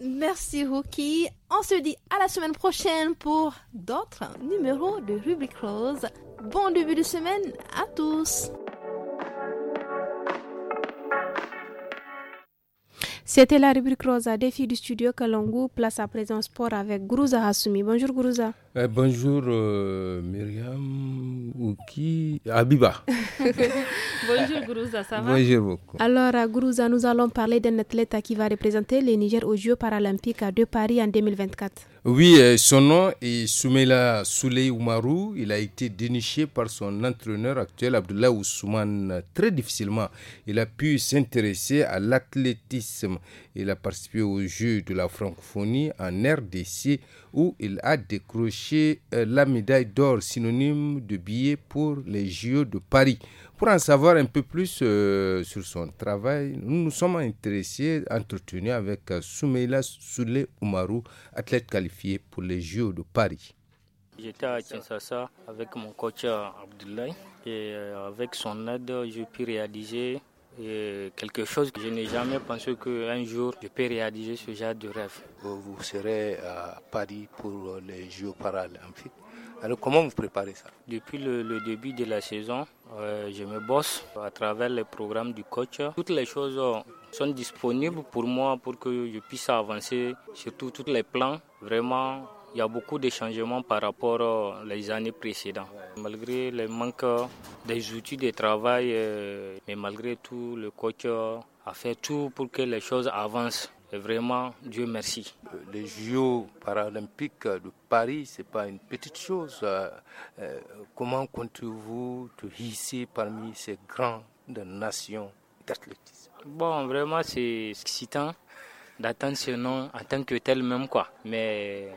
Merci Rookie. On se dit à la semaine prochaine pour d'autres numéros de Rubric Rose. Bon début de semaine à tous. C'était la rubrique Rose à défi du studio Kalangu. Place à présent sport avec Gourouza Hassoumi. Bonjour Gourouza. Eh, bonjour Miriam euh, Myriam Ouki Abiba. bonjour Gourouza, ça va Bonjour beaucoup. Alors euh, Gourouza, nous allons parler d'un athlète qui va représenter le Niger aux Jeux paralympiques de Paris en 2024. Oui, euh, son nom est Soumela Souley Oumarou. Il a été déniché par son entraîneur actuel Abdullah Ousmane très difficilement. Il a pu s'intéresser à l'athlétisme il a participé aux Jeux de la francophonie en RDC où il a décroché euh, la médaille d'or synonyme de billet pour les Jeux de Paris. Pour en savoir un peu plus euh, sur son travail, nous nous sommes intéressés, entretenus avec euh, Soumeila Soule Oumarou, athlète qualifié pour les Jeux de Paris. J'étais à Kinshasa avec mon coach Abdoulaye et avec son aide, j'ai pu réaliser et quelque chose que je n'ai jamais pensé qu'un jour je peux réaliser ce genre de rêve. Vous serez à Paris pour les Jeux paralympiques. Alors comment vous préparez ça Depuis le, début de la saison, euh, je me bosse à travers les programmes du coach. Toutes les choses sont disponibles pour moi pour que je puisse avancer Surtout tous les plans. Vraiment, il y a beaucoup de changements par rapport aux euh, années précédentes. Malgré le manque euh, des outils de travail, euh, mais malgré tout, le coach a fait tout pour que les choses avancent. Et vraiment, Dieu merci. Les JO paralympiques de Paris, ce n'est pas une petite chose. Comment comptez-vous te parmi ces grandes nations d'athlétisme Bon, vraiment, c'est excitant d'attendre ce nom en tant que tel même, quoi. Mais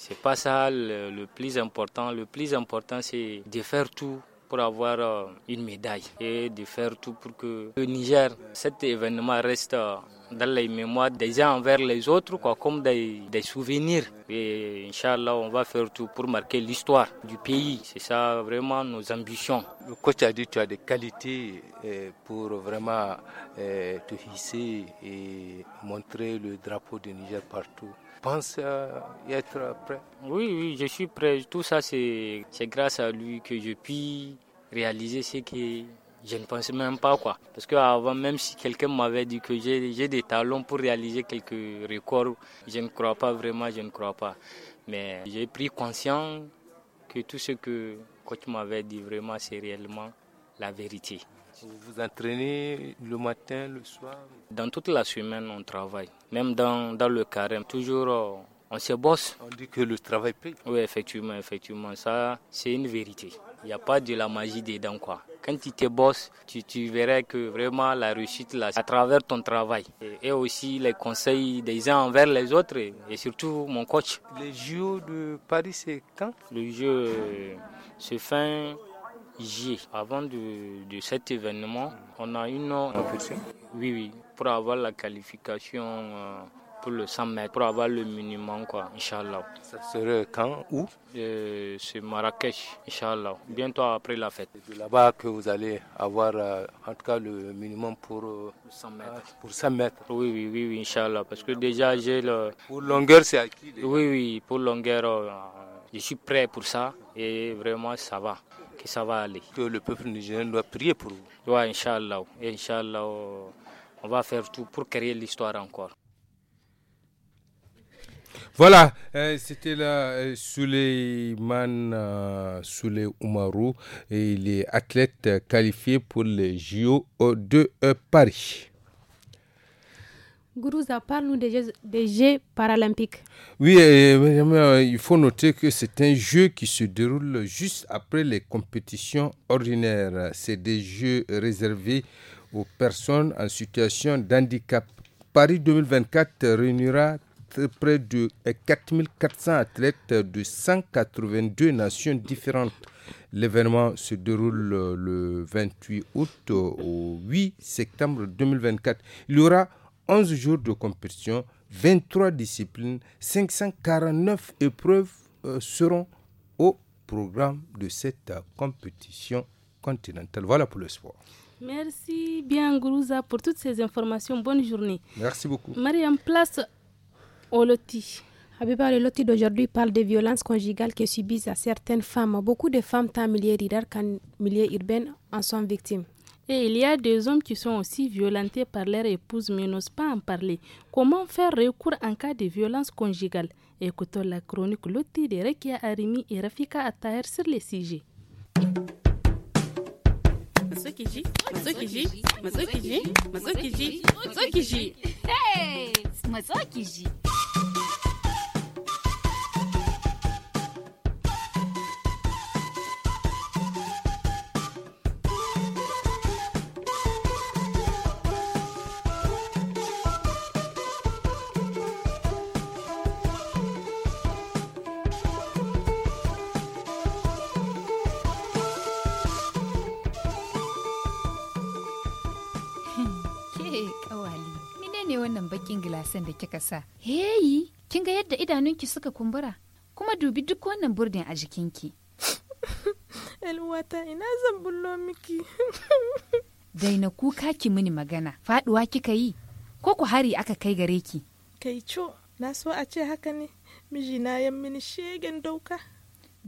c'est pas ça le, plus important. Le plus important, c'est de faire tout pour avoir euh, une médaille et de faire tout pour que le Niger, cet événement reste euh, dans les mémoires des uns envers les autres, quoi, comme des, souvenirs. Et Inch'Allah, on va faire tout pour marquer l'histoire du pays. C'est ça vraiment nos ambitions. Le coach a dit que tu as des qualités euh, pour vraiment te hisser et montrer le drapeau du Niger partout pense euh, être prêt. Oui, oui, je suis prêt. Tout ça, c'est grâce à lui que je puis réaliser ce que je ne pensais même pas. quoi. Parce qu'avant, même si quelqu'un m'avait dit que j'ai des talons pour réaliser quelques records, je ne crois pas vraiment, je ne crois pas. Mais j'ai pris conscience que tout ce que coach m'avait dit vraiment, c'est réellement la vérité. Vous vous entraînez le matin, le soir Dans toute la semaine, on travaille. Même dans, dans le carême, toujours euh, on se bosse. On dit que le travail paye. Oui, effectivement, effectivement. Ça, c'est une vérité. Il n'y a pas de la magie dedans, quoi. Quand tu te bosses, tu, tu verras que vraiment la réussite, là, à travers ton travail. Et, aussi les conseils des uns envers les autres, et, surtout mon coach. Les JO de Paris, c'est quand Le jeu se fin J. Avant de, cet événement, on a une compétition. Oui, oui, pour avoir la qualification euh, pour le 100 mètres, pour avoir le minimum, quoi, Inch'Allah. Ça serait quand, où euh, C'est Marrakech, Inch'Allah, bientôt après la fête. C'est là-bas que vous allez avoir, euh, en tout cas, le minimum pour, 100 euh, mètres. Ah, pour 100 mètres. Oui, oui, oui, Inch'Allah, parce que déjà j'ai le... Pour longueur, c'est acquis Oui, oui, pour longueur, je suis prêt pour ça et vraiment, ça va que ça va aller. Que le peuple nigérien doit prier pour vous. Oui, Inch'Allah. Inch'Allah, on va faire tout pour créer l'histoire encore. Voilà, euh, c'était là les euh, Suleiman euh, sous Et il est athlète qualifié pour les JO de Paris. Gourouza, parle-nous des Jeux, paralympiques. Oui, euh, euh, il faut noter que c'est un jeu qui se déroule juste après les compétitions ordinaires. C'est des Jeux réservés aux personnes en situation d'handicap. Paris 2024 réunira près de 4400 euh, athlètes de 182 nations différentes. L'événement se déroule le 28 août au 8 septembre 2024. Il y aura 11 jours de compétition, 23 disciplines, 549 épreuves euh, seront au programme de cette compétition continentale. Voilà pour le sport. Merci bien, Gourouza, pour toutes ces informations. Bonne journée. Merci beaucoup. Mariam, place au loti. Habiba, le loti d'aujourd'hui parle des violences conjugales que subissent certaines femmes. Beaucoup de femmes, tant milieu rural qu'en milieu urbain, en sont victimes. Et il y a des hommes qui sont aussi violentés par leur épouse mais n'osent pas en parler. Comment faire recours en cas de violence conjugale Écoutons la chronique Loti de Rekia Arimi et Rafika Attaher sur les sujets. Hey wannan bakin gilasin da kika sa heyi kin ga yadda idanunki suka kumbura kuma dubi duk wannan burdin a jikinki Elwata ina zan bullo miki daina kuka ki mini magana faduwa kika yi ko ku hari aka kai gare ki kai co na so a ce haka ne mijina ya mini shegen dauka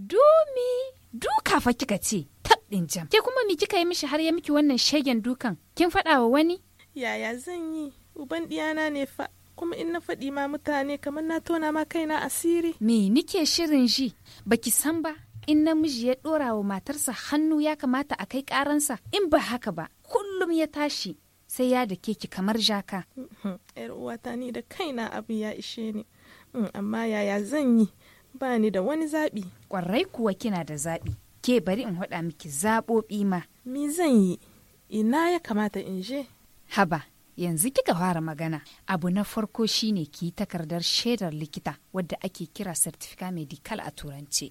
Dumi, duka fa kika ce, taɗin jam. Ke kuma mi kika yi mishi har ya miki wannan shegen dukan? Kin faɗa wa wani? Yaya zan yi? uban ɗiyana ne fa kuma in na faɗi ma mutane kamar na tona ma kaina asiri me nike shirin ji baki san ba in namiji ya ɗora wa matarsa hannu ya kamata a kai ƙaransa in ba haka ba kullum ya tashi sai ya da keki kamar jaka uhm, yar uwata ni da kaina abu ya ishe ni uhm, amma yaya zan yi ba ni da wani zaɓi ƙwarai kuwa kina da zaɓi ke bari in haɗa miki zaɓoɓi ma me zan yi ina ya kamata in je haba yanzu kika fara magana abu na farko shine ki takardar shaidar likita wadda ake kira certificate medical a turance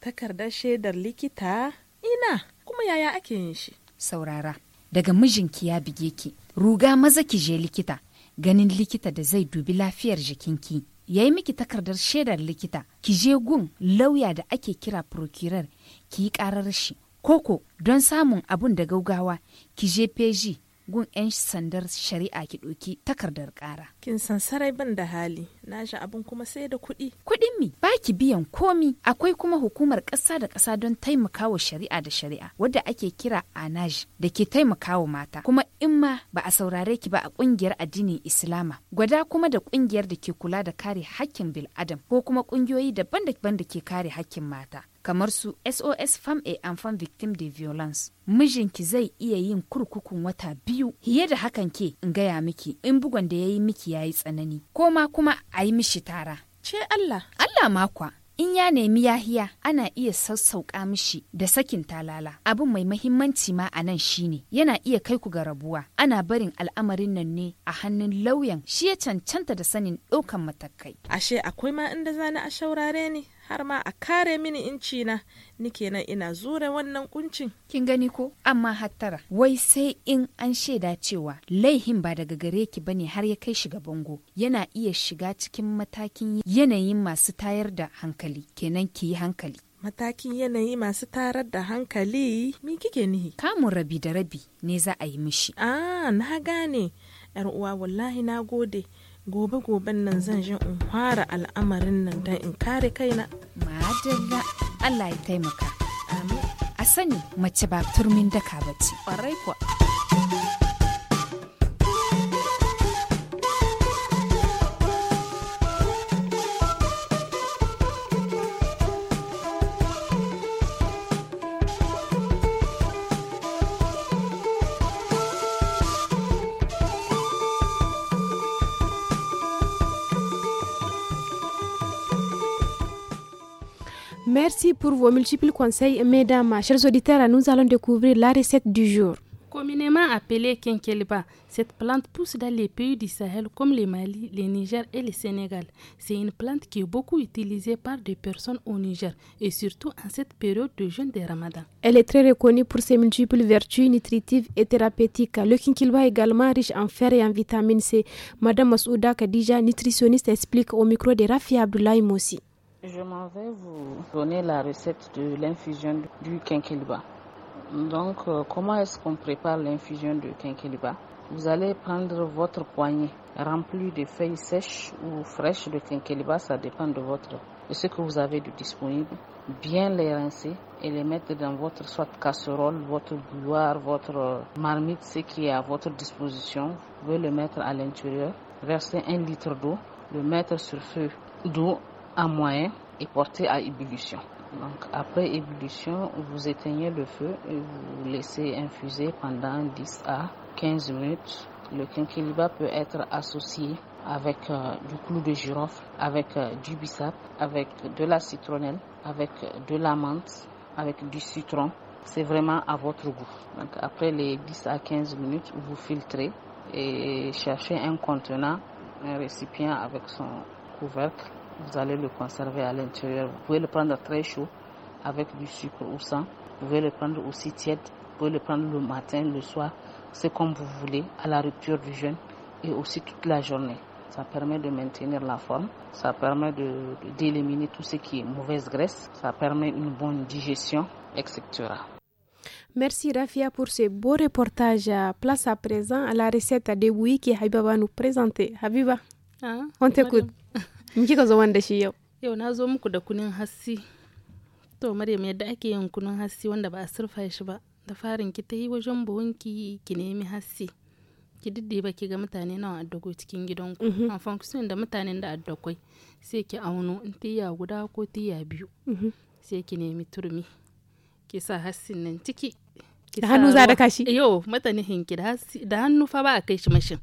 takardar shaidar likita ina kuma yaya ake yin shi saurara daga mijinki ya bige ki ruga maza ki je likita ganin likita da zai dubi lafiyar jikinki ya yi miki takardar shaidar likita ki je gun lauya da ake kira procurer ki yi karar shi koko don samun abun da gaugawa ki je peji gun 'yan sandar shari'a ki ɗauki takardar ƙara. Kin san sarai ban da hali na shi abin kuma sai da kuɗi. Kuɗin mi baki biyan komi akwai kuma hukumar ƙasa da ƙasa don taimakawa shari'a da shari'a wadda ake kira anaj da ke taimakawa mata kuma in ma ba a saurare ki ba a ƙungiyar addinin islama gwada kuma da ƙungiyar da ke kula da kare hakkin bil'adam ko kuma ƙungiyoyi daban-daban da ke kare hakkin mata. kamar su SOS Fam A fam Victim de Violence. Mijinki zai iya yin kurkukun wata biyu, hiye da hakan ke in gaya miki in bugon da ya yi miki ya yi tsanani. Koma kuma a yi mishi tara. Ce Allah. Allah makwa. In ya nemi yahiya ana iya sassauƙa mishi da sakin talala. Abin mai mahimmanci ma a nan shine yana iya kai ku ga rabuwa. Ana barin al'amarin nan ne a hannun lauyan shi ya cancanta da sanin ɗaukan matakai. Ashe akwai ma inda zana a shaurare ne. har ma a kare mini inci na nike nan ina zura wannan kuncin kin gani ko amma hattara wai sai in an shaida cewa laihin ba daga gare ki bane har ya kai shiga bango yana iya shiga cikin matakin yanayin masu tayar da hankali kenan ki yi hankali matakin yanayi masu tarar da hankali mi kike nihi kamun rabi da rabi ne za a yi mishi ah na gane yar uwa wallahi na gode gobe goben nan zan je in fara al'amarin nan don in kare kai kaina madalla Allah ya taimaka a sani mace ba turmin daka ce. Ƙwarai kuwa Merci pour vos multiples conseils, mesdames. Chers auditeurs, nous allons découvrir la recette du jour. Communément appelée Kinkilba, cette plante pousse dans les pays du Sahel comme le Mali, le Niger et le Sénégal. C'est une plante qui est beaucoup utilisée par des personnes au Niger et surtout en cette période de jeûne des Ramadan. Elle est très reconnue pour ses multiples vertus nutritives et thérapeutiques. Le Kinkilba est également riche en fer et en vitamine C. Madame Masouda Kadija, nutritionniste, explique au micro de Rafi Abdoulaye Mossi. Je m'en vais vous donner la recette de l'infusion du quinquilibre. Donc, euh, comment est-ce qu'on prépare l'infusion du quinquilibre Vous allez prendre votre poignée remplie de feuilles sèches ou fraîches de quinquilibre, ça dépend de votre de ce que vous avez de disponible. Bien les rincer et les mettre dans votre soit casserole, votre bouilloire, votre marmite, ce qui est à votre disposition. Vous pouvez le mettre à l'intérieur, verser un litre d'eau, le mettre sur feu d'eau à moyen et porté à ébullition. Donc après ébullition, vous éteignez le feu et vous laissez infuser pendant 10 à 15 minutes. Le quinquilibre peut être associé avec euh, du clou de girofle, avec euh, du bissap, avec de la citronnelle, avec de la menthe, avec du citron. C'est vraiment à votre goût. Donc après les 10 à 15 minutes, vous filtrez et cherchez un contenant, un récipient avec son couvercle vous allez le conserver à l'intérieur. Vous pouvez le prendre très chaud avec du sucre ou sans. Vous pouvez le prendre aussi tiède. Vous pouvez le prendre le matin, le soir. C'est comme vous voulez, à la rupture du jeûne et aussi toute la journée. Ça permet de maintenir la forme, ça permet d'éliminer tout ce qui est mauvaise graisse, ça permet une bonne digestion, etc. Merci Rafia pour ce beau reportage. Place à présent à la recette de bouillie que Habiba va nous présenter. Habiba, ah, on t'écoute. in kika zo wanda shi yau yau na zo muku da kunin hassi to maryam yadda ake yin kunin hassi wanda ba a surfa shi ba da farin ki ta yi wajen buhunki ki nemi hassi ki diddiba ki ga mutane nawa addago cikin gidanku mhm. a function da mutanen da addakwai sai ki auno in tiya guda ko tiya biyu mhm. sai ki nemi turmi ki sa hassin nan ciki da hannu za da kashi yau matanihin ki da hannu fa ba a kai shi mashin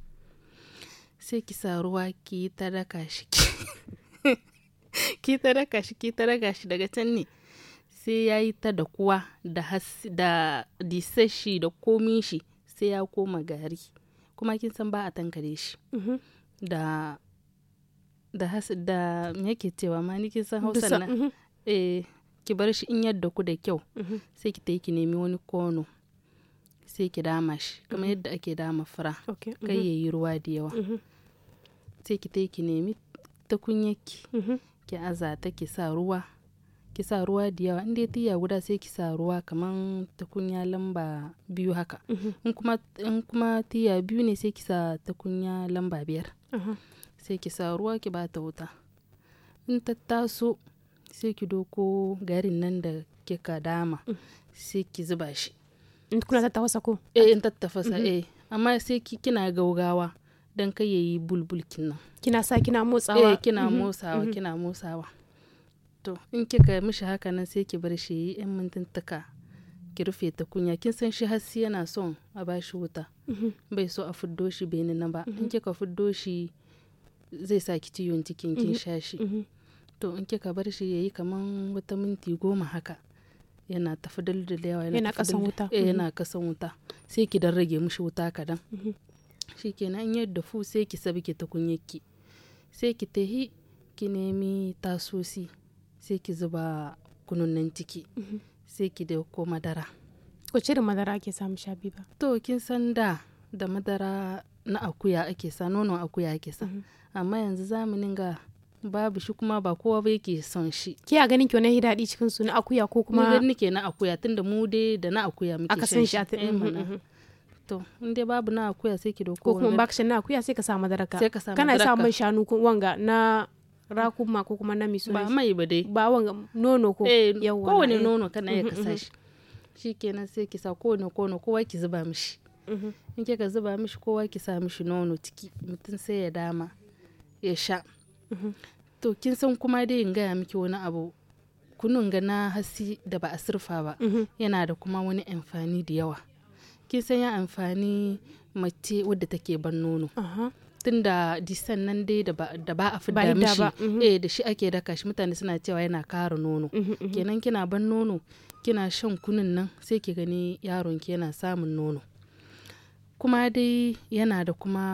sai ki sa ruwa ki ta daka shi ki ki ta raka shi ki ta raka daga can ne sai ya yi ta da kuwa da da disashi da komi shi sai ya koma gari kuma kin san ba a tankare shi mm-hmm. da da has da yake cewa ma ni kin san hausa na mm-hmm. eh ki bar shi in yadda ku da kyau mm-hmm. sai ki ta ki nemi wani kono sai ki dama shi kamar yadda ake dama fura kai yayi ruwa da yawa sai ki ta ki nemi kunya mhm. ki aza ta ki sa ruwa ki sa ruwa da yawa in dai tiya guda sai ki sa ruwa kaman kunya lamba biyu haka mhm. in kuma in kuma tiya biyu ne sai ki sa kunya lamba biyar mhm. sai ki sa ruwa ki bata wuta in ta taso sai ki doko garin nan da kika dama mm. sai ki zuba shi in kuna tattafasa ko eh in tattafasa eh amma sai kina gaugawa don kai yayi bulbul kina kina sa kina motsawa eh kina mhm, motsawa mhm. kina motsawa to in kika mishi haka nan sai ki bar shi yi yan mintuntuka ki rufe ta kunya kin san shi yana son a bashi wuta mhm. bai so a fuddo shi bai nuna ba in kika fuddo shi zai sa ki ciwon cikin kin sha shi to in kika bar shi yayi kaman wata minti goma haka yana tafi da yawa yana kasan wuta eh, yana kasan wuta sai ki dan rage mishi wuta kadan shikenan in yadda fu sai ki sabke tukunyarki sai ki tahi ki nemi tasosi sai ki zuba kunun ciki mhm. sai ki da ko madara ko da madara ake samu sha biyu ba to kin san da da madara na akuya ake sa nonon akuya ake sa mhm. amma yanzu zamanin ga babu shi kuma ba kowa ba yake son shi ke a ganin kyau na daɗi cikin su na akuya ko kuma ganin nake na akuya tunda mu dai da na akuya muke aka san shi a eh mhm, to in dai babu na akuya sai ki dauko ko kuma baka shan na akuya sai ka sa madaraka sai ka sa kana sa man shanu wanga na ma ko kuma na miso ba mai ba dai ba wanga nono ko eh, yawa Ko wani eh. nono kana ya kasa mm-hmm, mm-hmm. shi shikenan sai ki sa kowane kono kowa ki zuba mishi mm-hmm. in kika zuba mishi kowa ki sa mishi nono ciki mutum sai ya dama ya sha to kin san kuma dai in gaya miki wani abu kunun ga na hasi da ba a surfa ba yana da kuma wani amfani da yawa kin san ya amfani mace wadda take ban nono tun da disan nan dai da ba a fi mishi mhm. eh da shi ake daka shi mutane suna cewa yana kara nono mhm, mhm. kenan kina ban nono kina shan kunun nan sai ki gani yaron ki yana samun nono kuma dai yana da kuma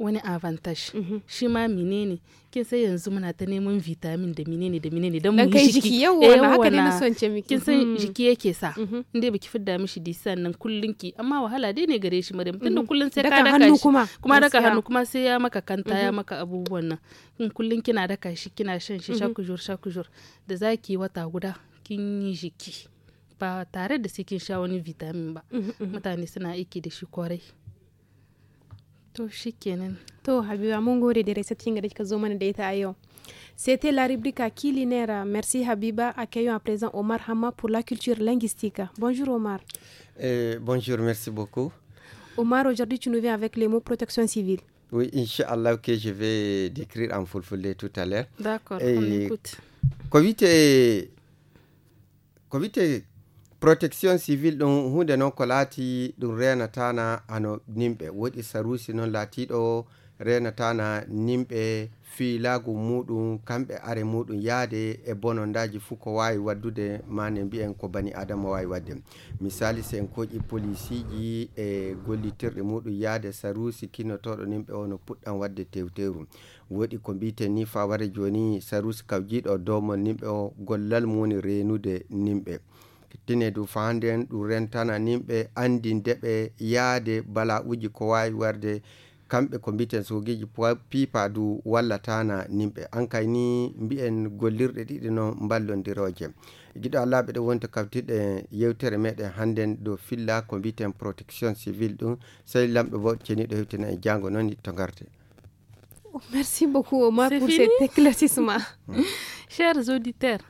wani avantage mm -hmm. shi ma menene kin sai yanzu muna ta neman vitamin da menene da menene don mu yi jiki yau wani eh, haka ne na son ce miki kin san hmm. jiki yake sa mhm. inda baki fidda mishi disan nan kullun ki amma wahala dai ne gare shi madam tunda mhm. kullun sai ka daka shi kuma daka hannu kuma sai ya maka kanta ya mhm. maka abubuwan nan in kullun kina daka shi kina shan shi shakujur shakujur da zaki wata guda kin yi jiki ba tare da sai kin sha wani vitamin ba mutane suna aiki da shi kwarai Habiba C'était la rubrique culinaire. Merci Habiba. Accueillons à présent Omar Hama pour la culture linguistique. Bonjour Omar. Eh, bonjour, merci beaucoup. Omar, aujourd'hui tu nous viens avec les mots protection civile. Oui, Inch'Allah, que je vais décrire en fulfulde tout à l'heure. D'accord, eh, on écoute. COVID protection civil ɗum hunde noon ko laati ɗum renatana hano nimɓe woɗi sarusi noon laatiɗo renatana nimɓe filagu muɗum kamɓe are muɗum yaade e bonondaji fuu ko wawi waddude mane mbiyen ko bani adama wawi wadde misali si en koƴi policiji e gollitirɗe muɗum yaade sarusi kinotoɗo nimɓe ono puɗɗan wadde tewtewru woɗi ko mbiten ni fa ware joni sarusi kawjiɗo domon nimɓe o gollal muwoni renude nimɓe tine dow fanden ɗum rentana ɓe andinde ɓe yaade bala'uji ko wawi warde kamɓe ko mbiten sogiji pipa du wallatana nimɓe an kayni mbi'en gollirɗe ɗiɗi no ballodiroje giɗo allah ɓeɗo wonta kawtiɗe yewtere meɗen hannden ɗo filla ko mbiten protection civil ɗum sey lamɗo bo ceniɗo hewtina e jango noon to garte oh, merci beaucoup omar pour cet éclaircissement hmm. chers auditeurs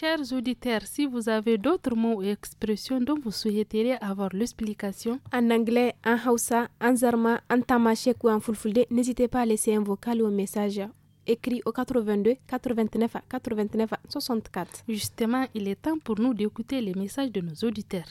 Chers auditeurs, si vous avez d'autres mots ou expressions dont vous souhaiteriez avoir l'explication en anglais, en hausa, en zarma, en tamashek ou en fulfulde, n'hésitez pas à laisser un vocal ou un message écrit au 82 89 89 64. Justement, il est temps pour nous d'écouter les messages de nos auditeurs.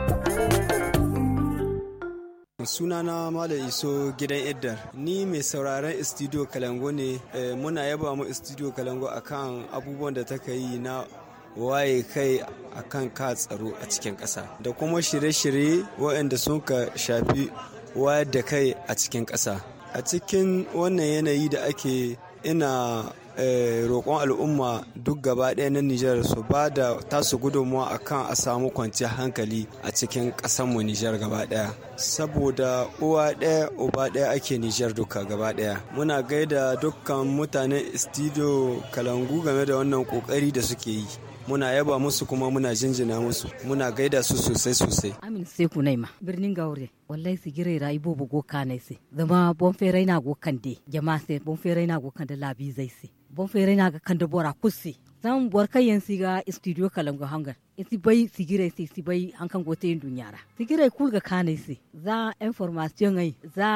sunana malam iso gidan iddar ni mai sauraren studio kalango ne eh, muna yaba mu studio kalango akan abubuwan da taka yi na waye kai akan ka tsaro a cikin ƙasa da kuma shirye-shirye waɗanda sun ka shafi wayar da kai a cikin ƙasa a cikin wannan yanayi da ake ina Eh, roƙon al'umma duk gaba ɗaya na Nijar su ba da tasu gudunmuwa kan a samu kwanciyar hankali a cikin ƙasarmu Nijar gaba ɗaya. Saboda uwa ɗaya uba ɗaya ake Nijar duka gaba ɗaya. Muna gaida dukkan mutanen Studio Kalangu game da wannan ƙoƙari da suke yi. muna yaba musu kuma muna jinjina musu muna gaida su sosai sosai amin sai ku naima birnin gaure wallahi su gire rai bobo goka kanai sai zama bon fere na go kande jama se bon ferai na labi zai sai bon ferai na ga bora kusi zan warka yan siga studio kalangu hangar isi bai sigire si si bai hankan gote yin dunyara sigire kulga kanai si za information ai za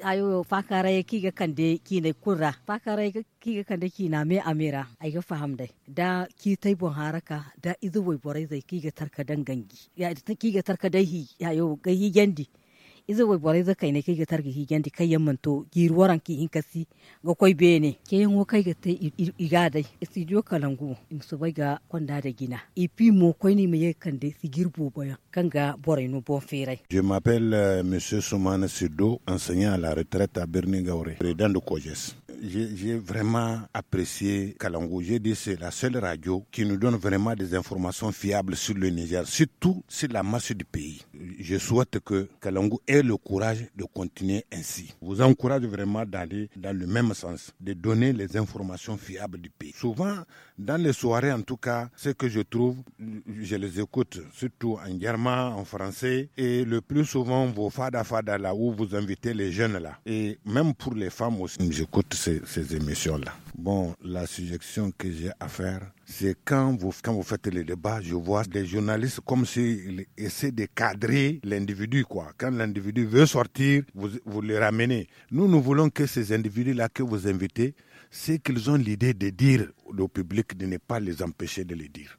ayo fakara ya kiga kande ne kurra fakara ya kiga kande na me amira ai ga faham dai da ki tai bon haraka da izu wai borai zai kiga tarka dangangi ya ta kiga tarka dai hi ayo ga hi izo wai bore zo kai ne kai ga targi kai gir waran ki kasi ga koi be ke e kalangu im so bai ga konda da gina ipi e mo koi ni me kan de si bore bon je m'appelle euh, monsieur Soumane Sido enseignant à la retraite à Berningaure, Gaure président de Kojes j'ai vraiment apprécié Kalango. J'ai dit c'est la seule radio qui nous donne vraiment des informations fiables sur le Niger, surtout sur la masse du pays. Je souhaite que Kalango ait le courage de continuer ainsi. Je vous encourage vraiment d'aller dans le même sens, de donner les informations fiables du pays. Souvent, dans les soirées en tout cas, ce que je trouve, je les écoute surtout en german, en français, et le plus souvent vos fada fada là où vous invitez les jeunes là. Et même pour les femmes aussi, j'écoute ces, émissions-là. Bon, la suggestion que j'ai à faire, c'est quand vous, quand vous faites les débats, je vois des journalistes comme s'ils essaient de cadrer l'individu, quoi. Quand l'individu veut sortir, vous, vous le ramenez. Nous, nous voulons que ces individus-là que vous invitez, c'est qu'ils ont l'idée de dire au public de ne pas les empêcher de le dire.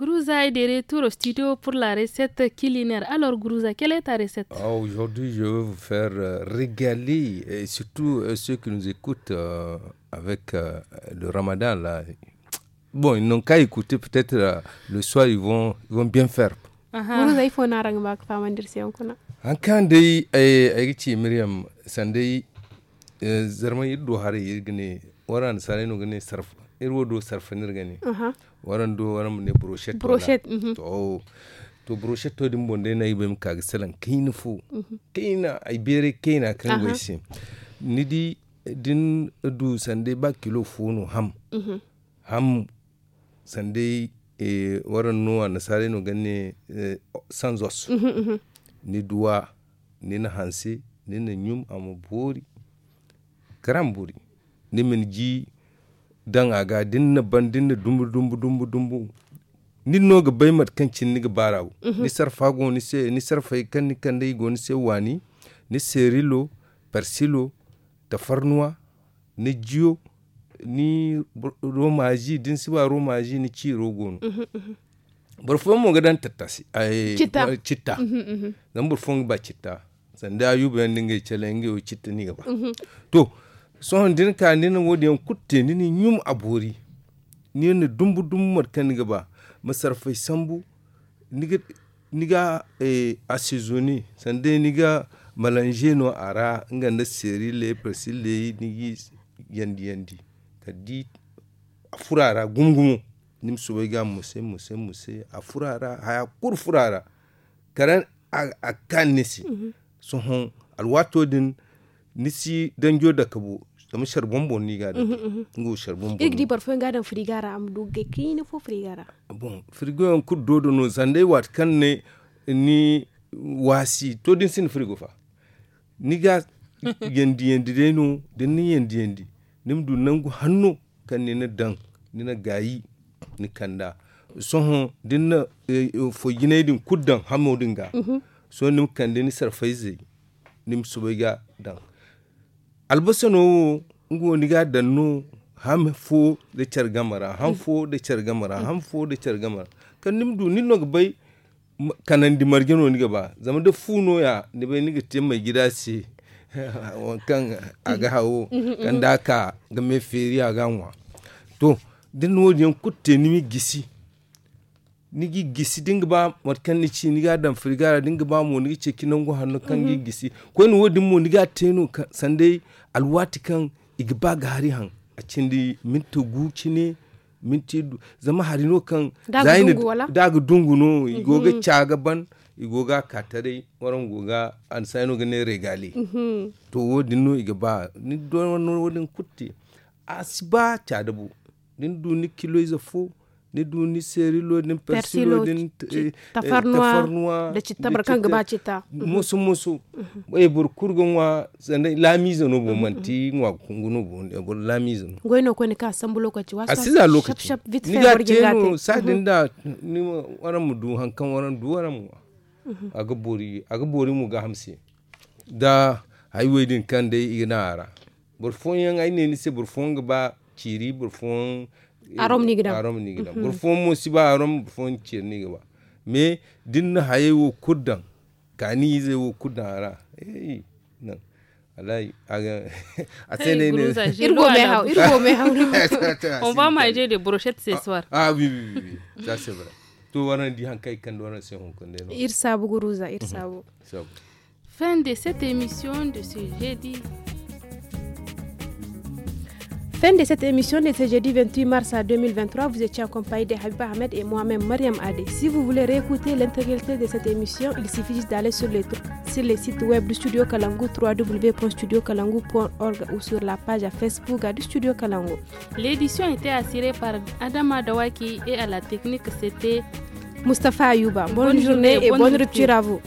Grouza est de retour au studio pour la recette culinaire. Alors Grouza, quelle est ta recette ah, Aujourd'hui, je vais vous faire euh, régaler, et surtout euh, ceux qui nous écoutent euh, avec le ramadan. Là. Bon, ils n'ont qu'à écouter, peut-être le soir, ils vont, ils vont bien faire. il faut irwo do sarfanir gani waran do waran ne brochet brochet mhm. to to brochet to din bonde na ibem ka gisalan kaina fo mhm. kaina ay bere kaina kan wese ni di din du sande ba kilo funu ham mhm. ham sande e waran na sare no gane e, sansos ni duwa ni na hanse ni na nyum amu bori karam bori ni min ji dan aga dinna ban dinna dumbu dumbu dumbu dumbu nin no ga bai mat kancin ni ga barawo mhm. ni sarfa go ni se ni sarfa kan ni kan dai go ni se wani ni serilo persilo tafarnuwa ni jiyo ni romaji din siba romaji ni ci rogo no mhm, mhm. barfon mo ga dan tattasi ai citta zan barfon ba citta sanda ayuba yan dinga chele ngi o citta ni gaba to sohon dinka ka ni na wodi yan kutte ni ni a abori ni ni dumbu dumbu mat kan gaba ba masarfai sambu niga niga eh, asizoni sande niga malange no ara nga na seri le persile nigi yandi yandi kadi afurara gumgumu nim bai ga muse muse muse afurara haya kur furara karan a kan nisi mhm. sohon alwato din nisi danjo da kabo dama charbon bon ni gada uhuh, uhuh. ngo charbon bon igdi parfum gadan frigara am do ge kini fo frigara bon frigo en kud do do no zande wat kan ne ni wasi to din sin frigo fa ni ga yendi yendi de no den ni yendi yendi nim du nangu hanno kan ne dan ni na gayi ni kanda so sohon din na e, e, fo din kuddan hamodin ga uhuh. so nim kan ni sarfaize nim subega dan albasa ngo ngoniga danno ham fo de chargamara ham fo de chargamara ham fo de chargamara kan nimdu nin ga bai kanan di margeno niga ba zama da funo ya ne bay niga te mai gida ce kan aga hawo kan da ka ga me feri aga nwa to din no jen kutte ni mi gisi nigi gisi dinga ba kan ni ci niga dan firgara dinga ba mu ni ce kinan go hannu kan gi mhm. gisi ko ni wodin mo niga teno sandai alwati kan igba ga hari han a cin di minti guci ne minti zama n'o kan zaini daga dungu no igoga mm caga ban igoga katare waran goga an no gane regale mhm. to wodin no igba ni don wodin kutti asiba cadabu din du ni kilo a fo ni du ni serilo din persilo din eh, tafarnuwa eh, da tabar kan gaba ta. Mm-hmm. musu musu e bur kurgo wa la mise no bo mm-hmm. manti wa kungunu bo bur mise no goy no ko ni ka sambu lokaci wa sa lokaci shap shap vit fe wargi sa din da ni waram mu du kan waram du waram mu aga bori aga bori mu ga hamsi da ay wedin kan dai ina ara fon yan ay ne ni se fon ga ba ciri fon. arom nigidam arom nigidam mhm. bor fo mo siba arom fo cer nigiba me dinna haye wo kuddan kani yize wo kuddan ara eh nan alay aga a sai ne ne irgo mai hau irgo mai hau on va manger des brochettes ce ah, soir ah oui oui oui ça c'est vrai to waran di hankai kan waran sai hon kunde ir sabu guruza ir sabu mhm. fin de cette émission de ce jeudi Fin de cette émission de ce jeudi 28 mars 2023, vous étiez accompagné de Habib Ahmed et moi-même Mariam Adé. Si vous voulez réécouter l'intégralité de cette émission, il suffit d'aller sur le, site web du Studio Kalangu www.studiokalangu.org ou sur la page Facebook du Studio Kalangu. L'édition était assurée par Adama Dawaki et à la technique c'était Mustapha Ayouba. Bonne, journée et bonne rupture à vous.